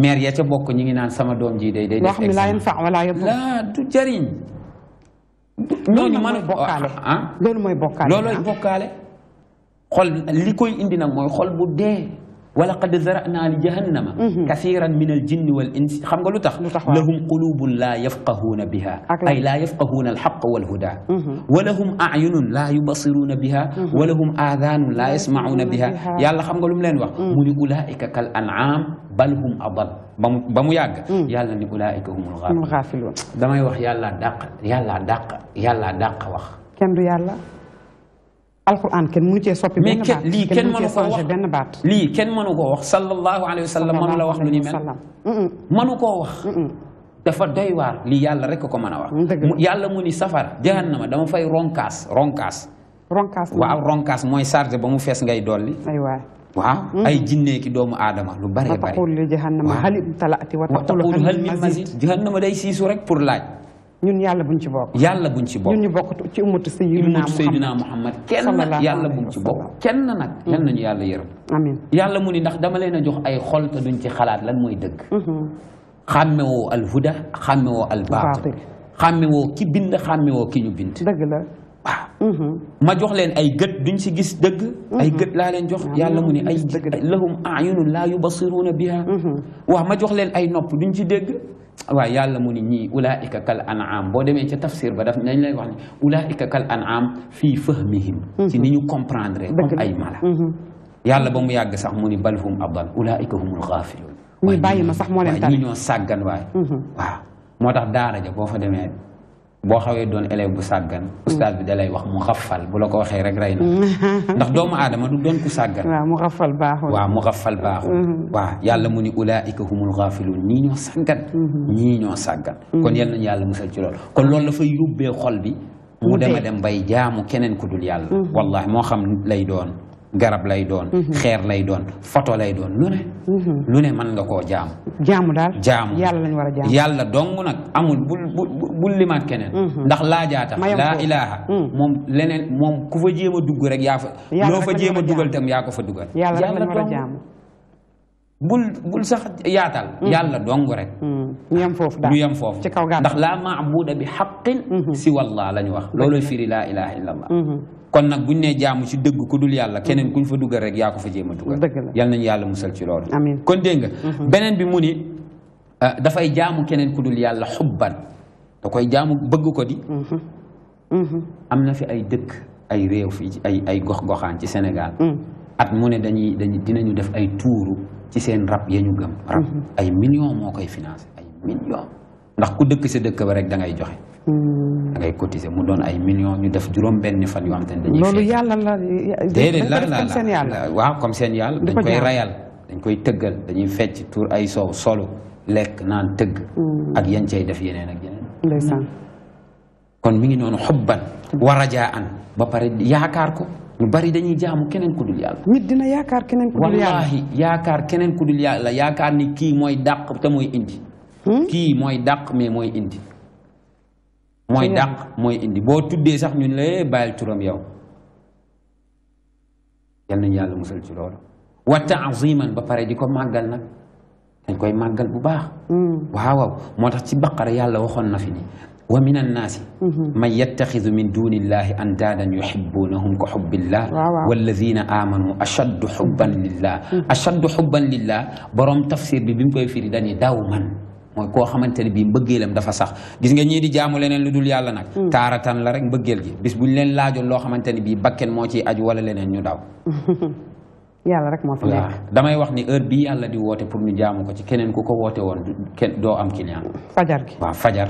Speaker 3: mer ya ca bokk ñi ngi naan sama dom ji day day def examen laa yan fa wala yëpp la du jariñ ñu man bokkale ah loolu mooy bokkaale loolooy bokkale xol li koy indi nak moy xol bu dee ولقد ذرأنا لجهنم كثيرا من الجن والإنس خم قالوا تخ لهم قلوب لا يفقهون بها أي لا يفقهون الحق والهدى ولهم أعين لا يبصرون بها ولهم آذان لا يسمعون بها يا الله خم قالوا ملين وح من أولئك كالأنعام بل هم أضل بمو ياغ يا الله ني أولئك هم الغافلون دما يوح يا الله داق يا الله داق يا الله داق وخ
Speaker 2: كم يا الله alquran kenn mënu cee soppi. benn baat lii kenn mënu koo wax
Speaker 3: benn baat. lii kenn mënu koo wax sallallahu alayhi wa sallam mënu la wax koo wax. dafa doy waar lii yàlla rek ko mën a wax. yàlla mu ni safara jahannama dama fay ronkaas ronkaas. ronkaas waaw ronkaas mooy chargé ba mu fees ngay dolli. aywa waaw mm. ay jinne ki doomu aadama lu bare bare. waaw wa
Speaker 2: taqulu jahannama hal min mazid
Speaker 3: jahannama day siisu rek pour laaj. ñun yàlla buñ ci bokk. yàlla buñ ci bokk ñun ñu bokk ci ummatu sayyidina Muhammad kenn yàlla buñ ci bokk kenn nag. kenn nañu yàlla yërëm. amiin yàlla mu ni ndax dama leen a jox ay xol te duñ ci xalaat lan mooy dëgg. xàmmewoo alhuda xàmmewoo albaatil xàmmewoo ki bind xàmmewoo ki ñu bind. dëgg la
Speaker 2: waaw.
Speaker 3: ma jox leen ay gët duñ si gis dëgg. ay gët laa leen jox yàlla mu ni ay. lahum ayunun laa yubasiruuna biha. waaw ma jox leen ay nopp duñ ci dégg. ويعلى مني ولا إكال أنعام بودي من تفسير بدف نيل وان ولا إكال أنعام في فهمهم تنيو كومبراندر أي مالا يعلى بوم يعج سح مني بلهم أبدا ولا إكهم الغافلون ويباي ما سح مالا تاني نيو سجن واي واه ما تدار جا بوفا دمي boo xawee doon élève bu sàggan oustad bi dalay wax mu xafal bu lako waxé rek rayna ndax doomu adama du doon ku sàggan wa mu xafal baaxul wa mu xafal baaxul wa yàlla muni ulaika humul ghafilun ni ñoo sàggan ni ñoo sàggan kon yalla ñu yàlla musal ci lool kon lool la fay yubbe xol bi mu dem dem bay jaamu kenen ku dul yàlla wallahi mo xam lay doon garab lay doon. Mhm. xeer lay doon foto lay doon lu ne. Mhm. lu ne mën nga koo jaamu.
Speaker 2: jaamu daal jaamu yàlla lañ war a jaamu. yàlla
Speaker 3: dong nag amul bul bul bul limaat keneen. Mhm. ndax laajaata. laa ilaaha moom leneen moom ku fa jéem a dugg rek yaa fa. loo fa jéem a dugal tam yaa fa dugal. bul bul sax yaatal. yàlla dong rek. ñu yem foofu daal ci kaw ndax la maabuda bi xaqin. si wallaa la ñu wax. loolooy firi laa ilaaha illallah. kon nag buñ nee jaamu ci dëgg ku dul yàlla keneen mm-hmm. kuñ fa dugal rek yaa ko fa jéem a dugal yal nañu yàlla musal ci loolu kon dégg nga mm-hmm. beneen bi mu ni euh, dafay jaamu keneen ku dul yàlla xubban da koy jaamu bëgg ko di mm-hmm. am na fi ay dëkk ay réew fii ci ay ay gox-goxaan ci senegal mm. at mu ne dañuy dañu dinañu def ay tuuru ci seen rab ya ñu gëm rab ay million moo koy financé ay million ndax ku dëkk sa dëkk ba rek da ngay joxe Hmm. da ngay cotiser mu doon ay million ñu def juróom benn fan yoo te ne dañuy
Speaker 2: yàlla la déedéet la la la
Speaker 3: euh, waaw comme seen yàlla dañ koy rayal dañ koy tëggal dañuy fecc tuur ay soow solo lekk naan tëgg hmm. ak yan cay def yeneen ak
Speaker 2: yeneen
Speaker 3: kon mu ngi noonu xubban wa rajaan ba pare yaakaar ko ñu bari dañuy jaamu keneen ku dul yàlla. nit yaakaar keneen ku dul yàlla yaakaar keneen ku dul yàlla yaakaar ni kii mooy dàq te mooy indi. Hmm? kii mooy dàq mais mooy indi. moy dak moy indi bo tuddé sax ñun lay bayal turam yow yalla ñu yàlla musal ci lool wa ta'ziman ba pare diko magal nak dañ koy magal bu baax waaw waaw moo ci baqara yàlla waxon na fi ni wa minan nas man yattakhidhu min duni illahi andaadan yuhibbunahum ka xubbillah walladina amanu ashaddu hubban lillah ashaddu hubban lillah borom tafsir bi bim koy firi dañi daw man mooy koo xamante ne bii mbëggeelam dafa sax gis nga ñii di jaamu leneen lu dul yàlla nag mm. taaratan la rek mbëggeel gi bis buñ leen laajoon loo xamante ne bii bakken moo ciy aju wala leneen ñu daw yàlla rek moo fi damay wax ni heure yàlla di woote pour ñu jaamu ko ci keneen ku ko woote woon kenn doo am client fajar gi waaw fajar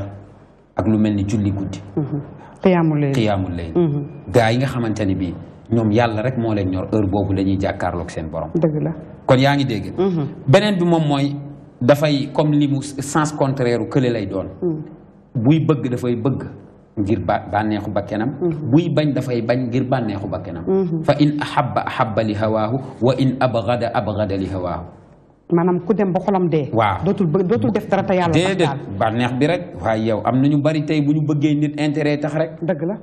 Speaker 3: ak lu mel ni julli guddi
Speaker 2: xiyaamul mm-hmm. lay xiyaamul lay mm-hmm.
Speaker 3: gaa yi nga xamante ne bii ñoom yàlla rek moo leen ñor heure boobu la ñuy jàkkaarloog seen borom dëgg la kon yaa ngi dégg mm-hmm. beneen bi moom mooy dafay comme limu sens contraire ko lay doon buy bëgg dafay bëgg ngir banexu bakenam buy bañ dafay bañ ngir banexu bakenam fa in ahabba ahabba li hawaahu wa in abghada abghada li hawaahu
Speaker 2: manam ku dem
Speaker 3: ba xolam de dotul dotul def dara ta yàlla déedéet banex bi rek wa yow amna ñu bari tay bu ñu bëggee nit intérêt tax rek deug la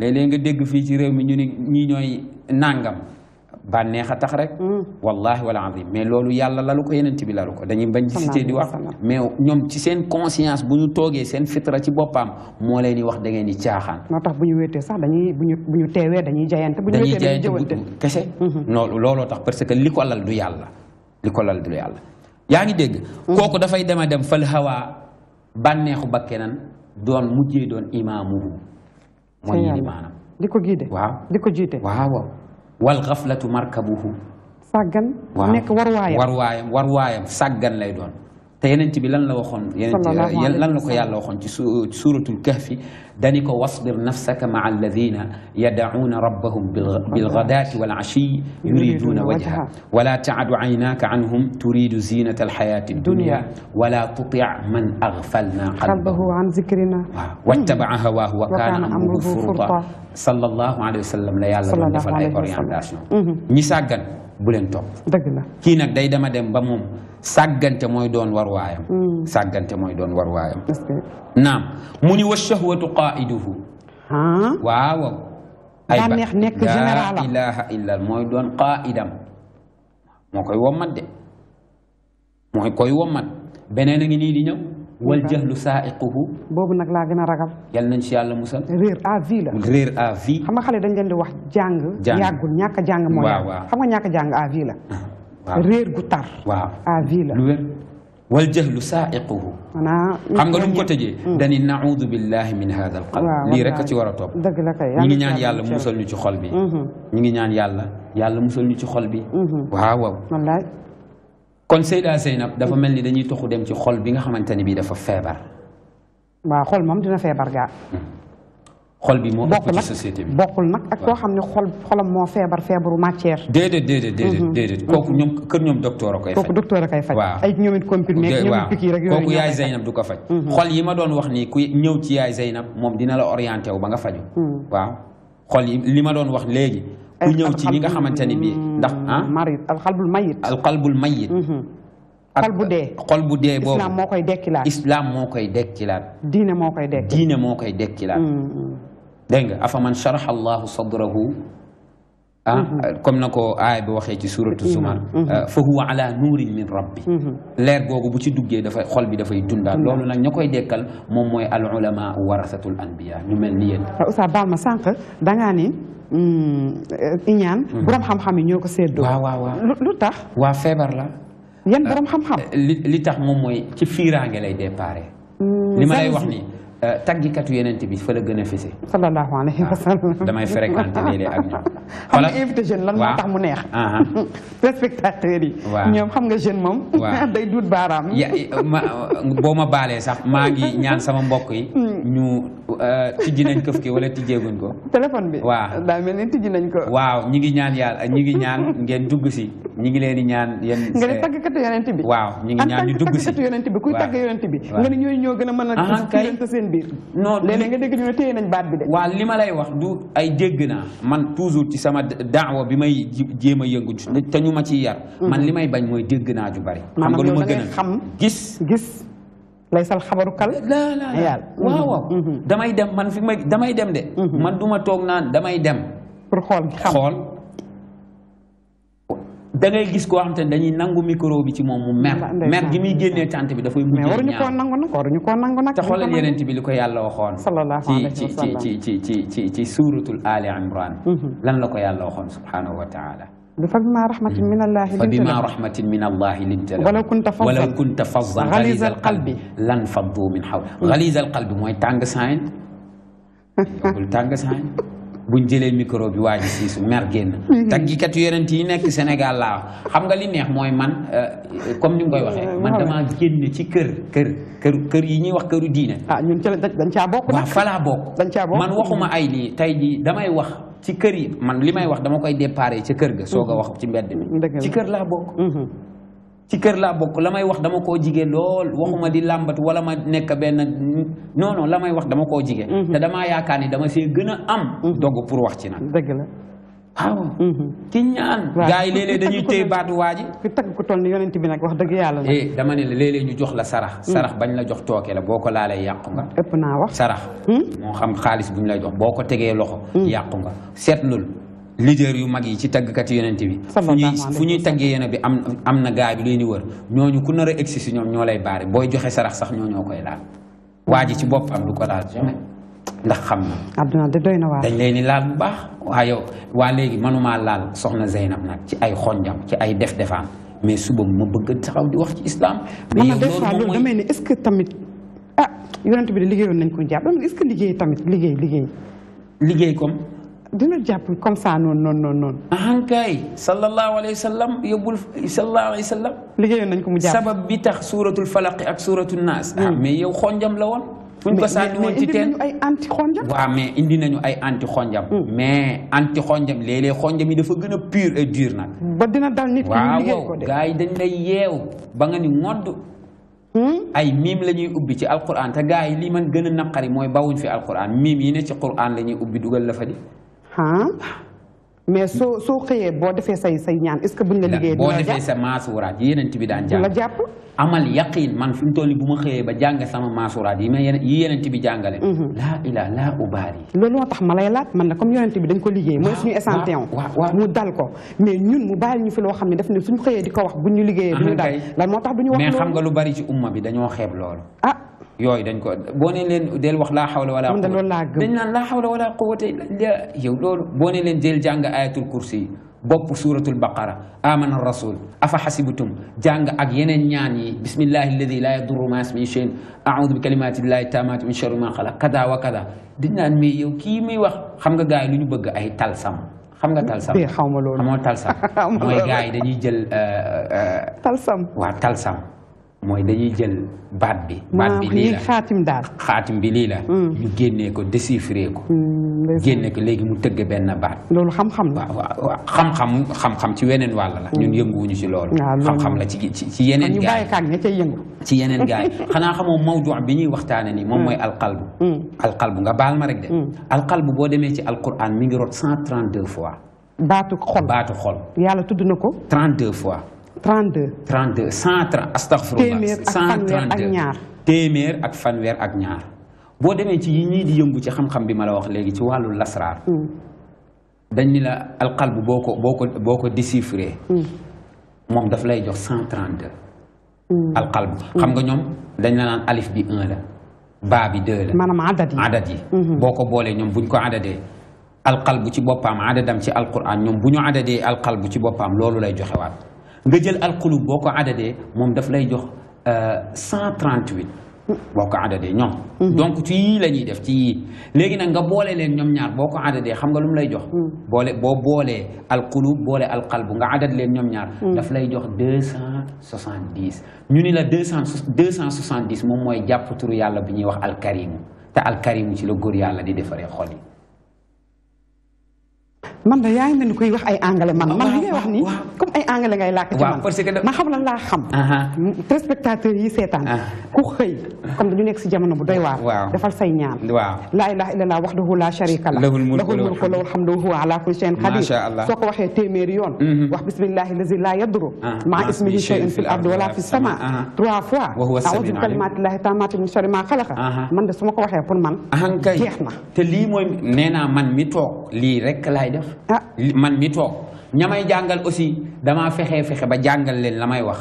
Speaker 3: lay lay nga deg fi ci réew mi ñu ni ñoy nàngam bànneex a tax rek mm. wallahi wala azim mais loolu yàlla lalu ko yeneen bi lalu ko dañuy bañ di cité di wax mais ñoom ci seen conscience bu ñu toogee seen fitra ci boppam moo leen di wax da di caaxaan
Speaker 2: moo tax bu ñu wéetee sax dañuy bu ñu bu ñu teewee dañuy jayante bu ñu wéetee dañuy jëwante
Speaker 3: kese mm-hmm. looloo tax parce que li ko lal du yàlla li ko lal du yàlla yaa ngi dégg mm. kooku dafay dem a dem fal hawa bànneexu ba bakkenan doon mujjee doon imaamuhu mooy ñi di maanaam di ko giide waaw di ko jiite والغفله مركبه سجن نيك ورواي ورواي سجن لا تينتي بلان لو خون يعني لان لو خيال لو خون سورة الكهف دانيك واصبر نفسك مع الذين يدعون ربهم بالغداة والعشي يريدون وجهه ولا تعد عيناك عنهم تريد زينة الحياة الدنيا ولا تطع من أغفلنا قلبه
Speaker 2: عن ذكرنا
Speaker 3: واتبع هواه وكان أمره فرطا صلى الله عليه وسلم لا يعلم صلى الله عليه وسلم bu leen topp. dëgg la kii nag day dama dem ba moom sàggante mooy doon warwaayam. Hmm. sàggante mooy doon warwaayam. naam mu ni wa shahwatu qaiduhu waaw. ay ilaha illa mooy doon qaidam moo koy wommat de mooy koy wommat beneen a ngi nii wal jahlu saaiquhu
Speaker 2: boobu nag laa gën a ragal
Speaker 3: yal nañ si yàlla musal réer à vie la réer à vie xam
Speaker 2: nga xale dañ leen di wax jàng yàggul ñàkk a jàng moo yàgg xam nga ñàkk a jàng à vie la
Speaker 3: ah, réer gu tar waaw à vie la lu wér wal jahlu saaiquhu xam nga lu mu ko tëjee mm. dani naudu billahi min hada al qalb lii rek a ci war a topp
Speaker 2: dëgg la kay ñi ngi ñaan yàlla musal ñu ci xol bi mm-hmm.
Speaker 3: ñi ngi ñaan yàlla yàlla musal ñu ci xol bi mm-hmm. waaw waaw kon Seyda Seynab dafa mel ni dañuy toxu dem ci xol bi nga xamante ni bii dafa feebar.
Speaker 2: waaw xol moom dina feebar gaa.
Speaker 3: xol bi moo ëpp ci société bi bokkul nag
Speaker 2: ak koo xam ne xol xolam moo feebar feebaru matière.
Speaker 3: déedéet déedéet déedéet déedéet. kooku ñoom kër ñoom docteur a koy faj. kooku docteur a koy faj. waaw
Speaker 2: ay ñoom it comprimé ak ñoom it piqûre rek. kooku yaay
Speaker 3: Zeynab du ko faj. xol yi ma doon wax nii ku ñëw ci yaay Zeynab moom dina la orienté wu ba nga faju waaw xol yi li ma doon wax léegi ku ñëw ci li nga xamante ni bii ndax ah marit alqalbul mayit alqalbul mayit xol bu dee xol bu dee boobu islam moo koy dekkilaat islam moo koy dekkilaat diine moo koy dekkilaat diine moo koy dekkilaat dégg nga afa man sharaha allahu sadrahu ah comme na ko aaya bi waxee ci suratu zumar fa huwa ala nuurin min rabbi leer googu bu ci duggee dafay xol bi dafay dundaat loolu nag ña koy dekkal moom mooy al ulama warasatul anbiya ñu mel ni yéen
Speaker 2: ustaz baal ma sànq dangaa ni Euh, iñaan mhm. borom xam-xam yi ñoo ko séddoo. waaw lu tax.
Speaker 3: waa feebar la. yan borom euh, xam-xam. li tax moom mooy ci fiiraange lay déparé. Hmm, li ma lay wax nii Euh, tagi katu yonent bi fa la gëna fessé sallallahu alayhi wa sallam ah, damay fréquenté léeg-léeg ak ñu xam nga
Speaker 2: invité jeune lan moo tax mu neex.
Speaker 3: respectateurs ah, ah. yi. ñom
Speaker 2: xam nga jeune mom day dut baram ya, ya ma
Speaker 3: boo ma baalee sax maa ngi ñaan sama mbokk yi. Hmm. ñu euh, tijji nañ këf ki wala guñ ko. téléphone bi waaw daa mel ni tijji nañ ko. waaw ñi ngi ñaan yaal ñi ngi ñaan ngeen dugg ci ñi ngi leen di ñaan yeen nga tagi katu yonent bi. waaw ñi ngi ñaan ñu dugg ci katu tant que bi kuy tagi yonent bi. nga ne
Speaker 2: ñooñu ñoo gëna mëna ci a. biir. non léeg-léeg
Speaker 3: nga dégg ñu ne téye nañ baat bi de. waaw li ma lay wax du ay dégg naa man toujours ci sama daawa bi may jéem a yëngu te ñu ma ci yar. Mhm. man li may bañ mooy dégg naa ju bari. xam nga lu ma gën a xam gis gis. lay sal xabaru kal la la yàlla waaw waaw mhm. Mhm. damay dem man fi may damay dem de. man du ma toog naan damay dem. pour xool xool. da ngay gis ko xam dañuy nangu micro bi ci mom mer mer gi mi genee tante bi da dafay mujj waruñu koo nangu nag waruñu
Speaker 2: koo nangu nag te xoolal yenent
Speaker 3: bi liko ko yàlla waxoon ci ci ci ci ci ci ci suratul ali imran lan la ko yàlla waxoon subhanahu wa taala
Speaker 2: فبما رحمة من الله فبما رحمة
Speaker 3: من الله لنت ولو كنت فظا ولو كنت فظا غليظ القلب لن فضوا من حول غليظ القلب موي تانغ ساين تانغ ساين buñ jëlee micro bi waa ji siisu mer génn. Mhm. tàggikatu yonent yi nekk Sénégal laa xam nga li neex mooy man euh, comme ni nga koy waxee. man damaa génn ci kër kër kër kër yi ñuy wax këru diine. ah ñun dañ caa bokk. waaw fa laa bokk. dañ caa bokk man waxuma ay lii tey jii damay wax. ci kër yi man li may wax dama koy déparé ci kër ga. soog a wax ci mbedd mi. ci kër laa bokk. Mhm. ci kër laa bokk la may wax dama koo jigéen lool waxuma di làmbat wala ma nekk benn non la may wax dama koo jige mm-hmm. te damaa yaakaar ni dama see gën a am mm-hmm. dogu pour wax ci nag dëgg la waaw mm-hmm. ki ñaan gars yi léeg-léeg dañuy
Speaker 2: baatu waa ji ku tagg ku ni yonent bi nag wax dëgg yàlla eh,
Speaker 3: dama ne la léeg-léeg ñu jox la sarax mm. sarax bañ la jox tooke la boo ko laalee yàqu nga ëpp naa wax sarax mm. moo xam xaalis buñ la jox boo ko tegee loxo mm. yàqu nga seetlul leader yu mag yi ci taggkat yonent bi fu ñuy fu ñuy taggee yonent bi am am na gaay bi leen di wër ñooñu ku nar a egsi si ñoom ñoo lay baari booy joxe sarax sax ñoo ñoo koy laal waa ji ci boppam du ko laal jamais ndax xam na
Speaker 2: Abdoulaye de doy na waar dañ
Speaker 3: léegi manumaa laal soxna Zeynab nag ci ay xonjam ci ay def defaan mais suba ma bëgg taxaw di wax ci islam man na des fois loolu
Speaker 2: damay ne est-ce ah, bi de liggéeyoon ko jàpp est-ce que liggéey tamit liggéey liggéey liggéey دنو جاب كم سانو نون نون نون
Speaker 3: أهانكاي صلى الله عليه وسلم يقول صلى الله عليه وسلم لقيه نحن كم جاب سبب بيتخ سورة الفلق أك سورة الناس أمي يو خنجم لون فين بسانو تيتين
Speaker 2: أي أنت خنجم
Speaker 3: وامي إندي نحن أي أنت خنجم ما أنت خنجم ليلة خنجم يدفع جنة بير أدير نك بدينا دال نيت واو غاي دنيا يو بعاني ماد أي ميم لني أبدي القرآن تجاه لمن جنة نقري ما يباون في القرآن ميم ينتي القرآن لني أبدي دوغل لفدي
Speaker 2: ah mais soo soo xëyee boo defee say say ñaan est ce que la liggéey boo defee
Speaker 3: sa maasuraat yenent bi daan ma xëyee ba jàng sama maasuraat yi ma yi yenent bi jàngale mm-hmm. laa ilaa laa ubaar
Speaker 2: loolu moo tax ma lay laaj man la comme yonent bi dañ ko liggéey mooy suñu échantillon mu dal ko mais ñun mu bàyyi ñu fi xam ne daf ne suñu xëyee di ko wax buñ ñu liggéeyee du ñu dal moo tax du ñu wax mais xam nga
Speaker 3: lu bari ci umma bi dañoo xeeb loolu ah, يوي دنجو بوني لين ديل وخ لا حول ولا قوه دنج نان لا حول ولا قوه الا يو لول بوني لين ديل جانغ ايات الكرسي بوب سوره البقره امن الرسول اف حسبتم جانغ اك يينن نيان يعني. بسم الله الذي لا يضر مع اسمه شيء اعوذ بكلمات الله التامات من شر ما خلق كذا وكذا دنج مي يو كي مي وخ خمغا غاي لونو بغ اي تالسام خمغا تالسام خمو تالسام موي غاي دنجي جيل آه، آه، تالسام وا تالسام moy dañuy jël baat bi. baat bi li la dal daal. bi li la. ñu génné ko déchiffrer ko. génne ko légui mu tëgg ben baat. loolu xam-xam la xam-xam xam-xam ci wenen wàll la. ñun yëngu wuñu ci loolu. xam-xam la ci ci yenen gaay ñu baye
Speaker 2: kaak bàyyi ña yëngu.
Speaker 3: ci yenen gaay xana xamoo mawdu bi ñuy waxtaane ni mom moy al qalb al qalb nga baal ma rek de. al qalb bo démé ci al qur'an mi ngi rot 132 fois. baatu xol baatu xol. yàlla tudd na 32 fois.
Speaker 2: 32
Speaker 3: 32 130 astafurlah 132 téeméer ak fanweer ak ñaar boo demee ci yi ñii di yëngu ci xam-xam bi ma la wax léegi ci wàllu lasraar dañ ni la alqalbu boo ko boo ko boo ko déchiffré moom daf lay jox 132 alqalbu xam nga ñoom dañ la naan alif bi 1 la baa bi 2 la maanaam adat yi adat yi boo ko boolee ñoom buñ ko adadee alqalbu ci boppam adadam ci alquran ñoom bu ñu adadee alqalbu ci boppam loolu lay joxewaat nga jël alqulub boo ko adadee moom daf lay jox 138 boo ko adadee ñoom donc ci yii la ñuy def ci yii léegi nag nga boole leen ñoom ñaar boo ko adadee xam nga lu mu lay jox boole boo boolee alqulub boole alqalbu nga adad leen ñoom ñaar daf lay jox 270 ñu ni la 200 270 moom mooy jàpp turu yàlla bi ñuy wax alkarimu te alkarimu ci la góor yàlla di defaree xol yi
Speaker 2: man de yaa ngi mel ni koy wax ay anglais man man li ngay wax nii comme ay anglais ngay làkk ci man ma xam lan laa xam téléspectateurs yi seetaan ku xëy comme dañu nekk si jamono bu doy waar defal say ñaan laa ilaha illallah wahdahu la sharika la lahul mulku lahul hamdu huwa ala kulli shay'in qadir soo ko waxee téeméeri yoon mhm. wax bismillahi lazi la yadru ah, ma ismihi shay'un fil ardi wala fis sama trois fois a'udhu bi kalimatillahi tammati min sharri ma xalaqa man de su ma ko waxee pour man jeex na
Speaker 3: te lii mooy nee naa man mi toog lii rek laay def. Ah. man mi toog ña may jàngal aussi damaa fexe fexe ba jàngal leen la may wax.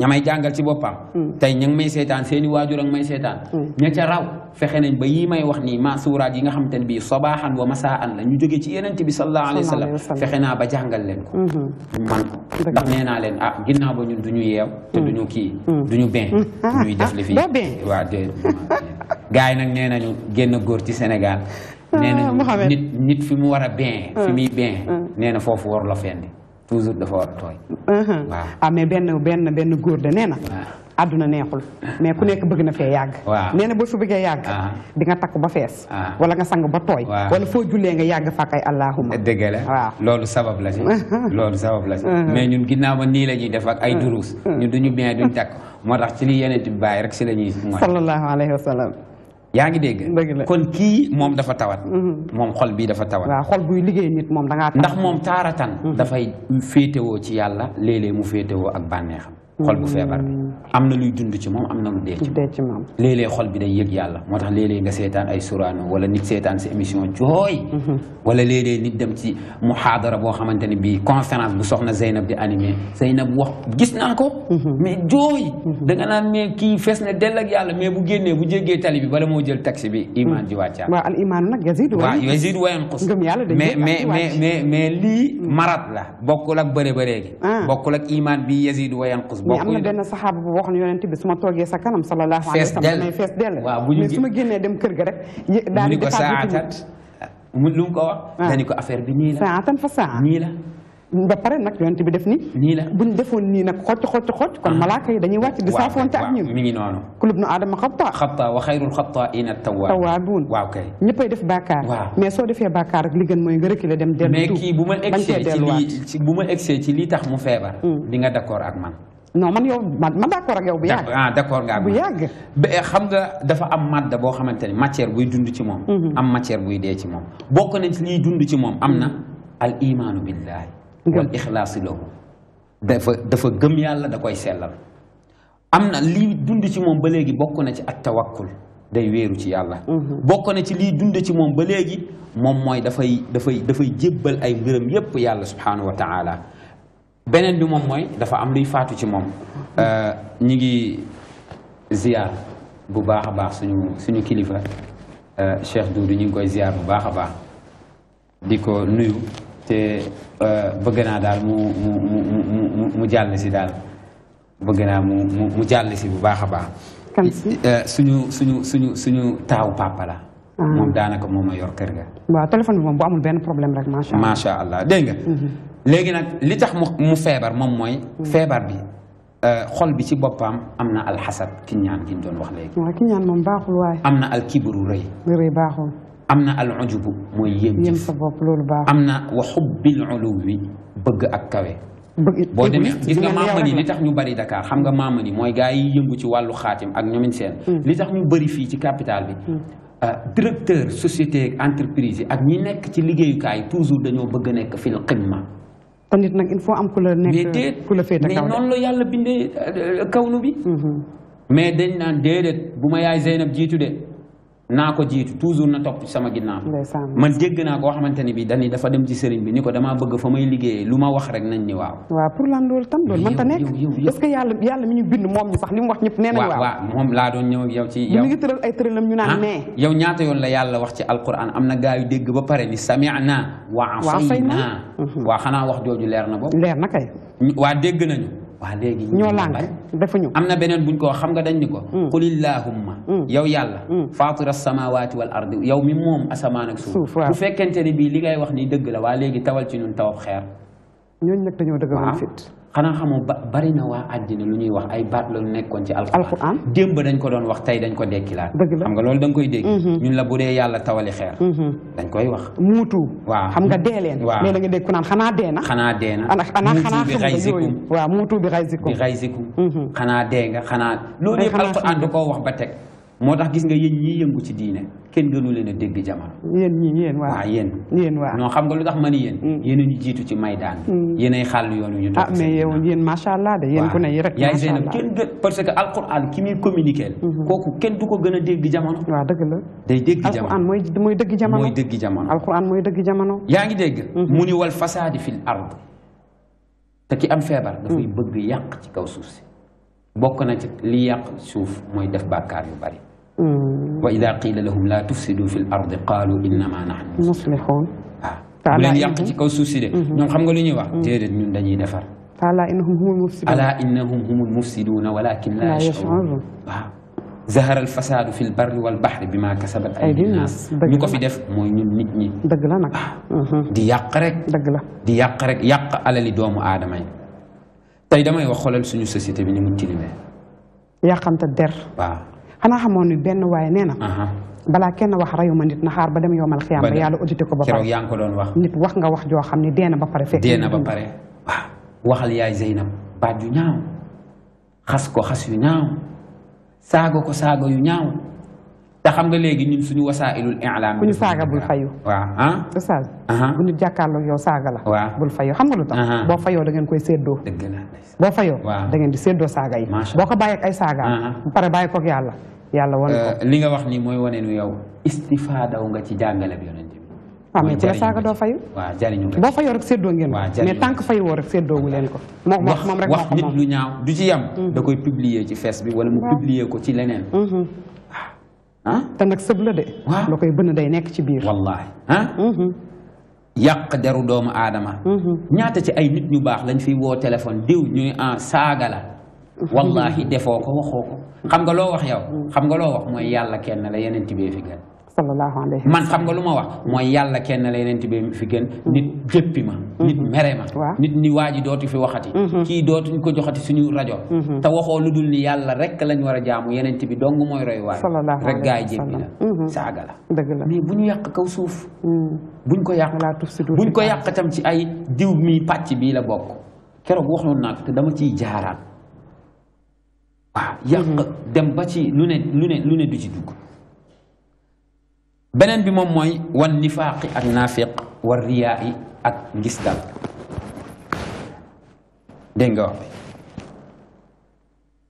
Speaker 3: ña may jàngal ci boppam. Hmm. tey ña ngi may seetaan seeni waajur ak may seetaan. Hmm. ña ca raw fexe nañ ba yii may wax nii ma suuraat yi nga xamante ne bii sobaaxan wa masaan la ñu jógee ci yeneen bi sallallahu alayhi wa sallam fexe naa ba jàngal leen ko. Hmm. man ndax nee naa leen ah ginnaaw ba ñun du ñu yeew. te du ñu kii du ñu benn. Ah, ñuy def li ah, fi yi nag nee nañu génn góor ci Sénégal. nee na nit nit fi mu war a bien ah. fi muy bien ah. nee na foofu waru la fendi toujours dafa war a tooy
Speaker 2: ah. waaw mais benn benn benn góor de nee na àdduna neexul mais ku nekk bëgg na fee yàgg nee na boo fi bëggee yàgg di nga takk ba fees wala nga sang ba tooy wala foo jullee nga yàgg fàkk ay allahuma dëgg la
Speaker 3: loolu sabab la si loolu sabab la si mais ñun ginnaaw ma nii la ñuy def ak ay duruus ñu duñu bien duñ takk moo tax ci li yeneen bi bàyyi rek si la ñuy
Speaker 2: sallallahu alayhi wa sallam
Speaker 3: yaa ngi dégg kon kii moom dafa tawat mhm. moom xol bii dafa tawat
Speaker 2: waaw xol buy liggéey nit moom da ngaa ndax moom
Speaker 3: taaratan mhm. dafay féetewoo ci yàlla léeg-léeg mu féetewoo ak bànneexam xol bu feebar bi am na luy dund ci moom am na lu dee ci moom léeg-léeg xol bi day yëg yàlla moo tax léeg-léeg nga seetaan ay suraano wala nit seetaan si émission cooy wala léeg-léeg nit dem ci muhaadara boo xamante ne bii conférence bu soxna Zeynab di animé Zeynab wax gis naa ko mais jooy da nga naan mais kii fees na dell ak yàlla mais bu génnee bu jéggee tali bi bala moo jël taxi bi iman ji wàccaa waaw
Speaker 2: al iman nag yazidu waaw yazidu wa yanqus mais mais mais
Speaker 3: mais lii marat la bokkul ak bëre bëre gi bokkul ak iman bi yazidu wa yanqus mais am na benn
Speaker 2: saxaaba bu waxoon yonent bi su ma toogee sa kanam sallallahu alayhi wa sallam may fees
Speaker 3: dell mais su ma
Speaker 2: génnee dem kër ga rek daal di ko saatat
Speaker 3: mu lu ah. ko affaire bi nii la saatan
Speaker 2: fa saa nii la ba pare nag yonent bi def ni nii la buñ defoon nii nag xocc xocc xocc kon ah. malaaka yi dañuy wàcc di saafoonte
Speaker 3: ak ñun mi ngi noonu kulub nu aadama xabta xabta wa xayrul xabta ina tawaa tawaabuun waaw kay
Speaker 2: ñëppay def bàkkaar mais soo defee bàkkaar rek li gën mooy nga reculer dem dellu mais kii bu ma egsee ci
Speaker 3: lii bu ma egsee ci lii tax mu feebar mm. di nga d'accord ak
Speaker 2: non man yow man d'accord ak yow bu
Speaker 3: yàgg. ci moom. am matière ci moom. dund ci moom am na. al imaanu billahi. wal ixlaasu lahu da koy sellal. am na liy dund ay mbiram yépp yàlla subhaanahu wa ta'ala. beneen bi moom mooy dafa am luy faatu ci moom hmm. euh, ñi ngi ziar bu baax a baax suñu suñu kilifa euh, Cheikh Doudou ñu ngi koy ziar bu baax a baax di ko nuyu te euh, bëgg naa daal mu mu mu mu jàll si daal bëgg naa mu mu jàll si bu baax a baax. kan si suñu suñu suñu suñu taawu papa la. Ah. moom daanaka moom a yor kër ga.
Speaker 2: waaw téléphone bi moom bu amul benn problème rek macha allah macha
Speaker 3: allah dégg léegi nag li tax mu mu feebar moom mooy. feebar bi xol bi ci boppam am na alxasad ki ñaan gi ñu doon wax léegi.
Speaker 2: waaw ki ñaan moom baaxul waaye.
Speaker 3: am na alkibru rëy.
Speaker 2: rëy baaxul.
Speaker 3: am na al ujubu mooy yéem. yéem sa bopp loolu baaxul. am na wa xubbil uluwi bëgg ak kawe. boo demee gis nga maama ni li tax ñu bari Dakar xam nga maama ni mooy gars yi yëngu ci wàllu xaatim ak ñoomin seen li tax ñu bari fii ci capital bi directeur société entreprise yi ak ñi nekk ci liggéeyukaay toujours dañoo bëgg nekk fil qimma
Speaker 2: kon nit nag il faut am ku la nekk ku la féete kaw mais noonu la yàlla bindee euh, kawnu bi mm-hmm.
Speaker 3: mais dañ naan déedéet bu ma yaay Zeynab jiitu de naa ko jiitu toujours na topp sama ginnaaw man dégg naa koo xamante ni bi dañi dafa dem ci sëriñ bi ni ko damaa bëgg fa may liggéeyee lu ma wax rek nañ ni waaw
Speaker 2: waaw pour ñu bind moom ñu sax li mu wax ñëpp nee laa
Speaker 3: doon ñëw ak yow ci yow mi
Speaker 2: ah, ñaata yoon
Speaker 3: la yàlla wax ci alquran am na gaa yu dégg ba pare ni sami'na wa asayna mhm. waa xanaa wax jooju leer na bopp leer na kay waa dégg nañu waa léegi ñoo lànk defuñu am na beneen buñ ko xam nga dañ ni ko qulillahumma yow yàlla faatira samawati wal ardi yow mi moom asamaan ak suuf bu fekkente ne bii li ngay wax ni dëgg la waa léegi tawal ci ñun tawab xeer ñooñu nag dañoo dëgg fit xanaa xamoo ba bari na waa àddina lu ñuy wax ay baat loolu nekkoon ci alxuraan démb dañ ko doon wax tey dañ ko dekkilaat xam nga loolu danga koy dégg mm-hmm. ñun la bu dee yàlla tawali xeer mm-hmm. dañ koy wax muutu waaw xam nga dee leen da
Speaker 2: nga dégg ku dee na xanaa
Speaker 3: dee na muutu bi xaysikum
Speaker 2: waaw muutu bi xaysikum bi
Speaker 3: xaysikum mm-hmm. xanaa dee nga xanaa loolu yëpp alxuraan da koo wax ba teg moo tax gis nga yéen ñii yëngu ci diine kenn gënu leen a dégg jamono.
Speaker 2: yéen ñii yéen waaw waaw yéen. yéen waaw non
Speaker 3: xam nga lu tax ma ni yéen. Mm. yéen a jiitu ci Maydaan. Mm. yéen ay xàll yoon ñu. toog ah mais
Speaker 2: yow yéen macha allah de yéen ku ne rek. macha allah yaay Zeynab kenn
Speaker 3: gën parce que alquran ki muy communiquer. Mm-hmm. kenn du ko gën a dégg jamono. waaw dëgg la day dégg jamono mooy mooy dëgg jamono. mooy jamono alquran mooy dëgg jamono. yaa ngi dégg. Mm-hmm. mu ni wal fasaadi fil ard te ki am feebar. dafay mm. bëgg yàq ci kaw suuf si bokk na ci li yàq suuf mooy def bàkkaar yu bari وإذا قيل لهم لا تفسدوا في الأرض قالوا إنما نحن
Speaker 2: مصلحون
Speaker 3: آه. تعالى إنهم نعم خم قولي نيوا تيرد من دني دفر
Speaker 2: فعلا إنهم هم المفسدون ألا
Speaker 3: إنهم هم المفسدون ولكن لا, لا يشعرون آه. زهر الفساد في البر والبحر بما كسبت ايدي الناس نيكو في ديف موي نون نيت نك آه. دي ياق رك دي ياق رك على اللي دوم آدمين تاي داماي واخ خولال سونو سوسيتي بي
Speaker 2: الدر xanaa xamoon ni benn waaye nee na. balaa kenn wax rayu ma nit na xaar ba dem yomal xiyaam ba yàlla audité ko ba pare keroog yaa
Speaker 3: ngi ko doon wax. nit
Speaker 2: wax nga wax joo xam ne dee ba pare. fekk dee ba pare
Speaker 3: ah, waxal yaay Zeynab baat yu ñaaw xas ko xas yu ñaaw saago ko saago yu ñaaw te xam nga léegi ñun suñu wasaa'ilul i'laam. ñu saaga bul fayu. waaw ah.
Speaker 2: oustaz. bu ñu jàkkaarloog yow saaga la. bul fayu xam nga lu tax. boo fayoo da ngeen koy séddoo. dëgg la boo fayoo. da ngeen di séddoo saaga yi. boo ko bàyyeeg ay saaga. bu pare bàyyi koog yàlla. yàlla Linga ko euh,
Speaker 3: li nga wax nii mooy wane nu yow. istifaadaw nga ci jàngale bi yonent bi.
Speaker 2: waaw ah, ci saaga fayu.
Speaker 3: waaw jariñu nga boo fayoo rek séddoo ngeen ko. Wah. jariñu mais
Speaker 2: tant que fayoo rek séddoogu leen ko. moom moom rek wax nit
Speaker 3: lu ñaaw du ci yam. Mm. da koy publier ci wala mu publier ko ci leneen mm-hmm. ah te nag sëb la de. waaw la koy bënn day nekk ci biir. wallaahi ah. Mm-hmm. yàq deru doomu aadama. Mm-hmm. ñaata ci ay nit ñu baax lañ fi woo téléphone diw ñuy en ah, saaga la. Mm-hmm. wallaahi defoo ko waxoo ko. xam nga loo wax yow. xam nga loo wax mooy yàlla kenn la yeneen tibee fi gën.
Speaker 2: sallallahu alayhi man
Speaker 3: xam nga lu ma wax mooy yàlla kenn la yeneen bi fi gën nit jëppi ma mm-hmm. nit mere ma nit ni waa ji dootu fi waxati mm-hmm. kii dootuñ ko joxati suñu rajo mm-hmm. te waxoo lu dul ni yàlla rek lañ war a jaamu yeneen bi dong mooy roy waay rek gaa yi jéppi la saaga la bu ñu yàq kaw suuf mm. buñ ko yàq buñ ko yàq tam ci ay diw mi pàcc bii la bokk keroog waxoon naa ko te dama ciy jaaraat waaw yàq dem ba ci lu ne lu ne lu ne du ci dugg beneen bi moom mooy wan nifaaqi ak naafiq war riyaayi ak ngis dal dégg nga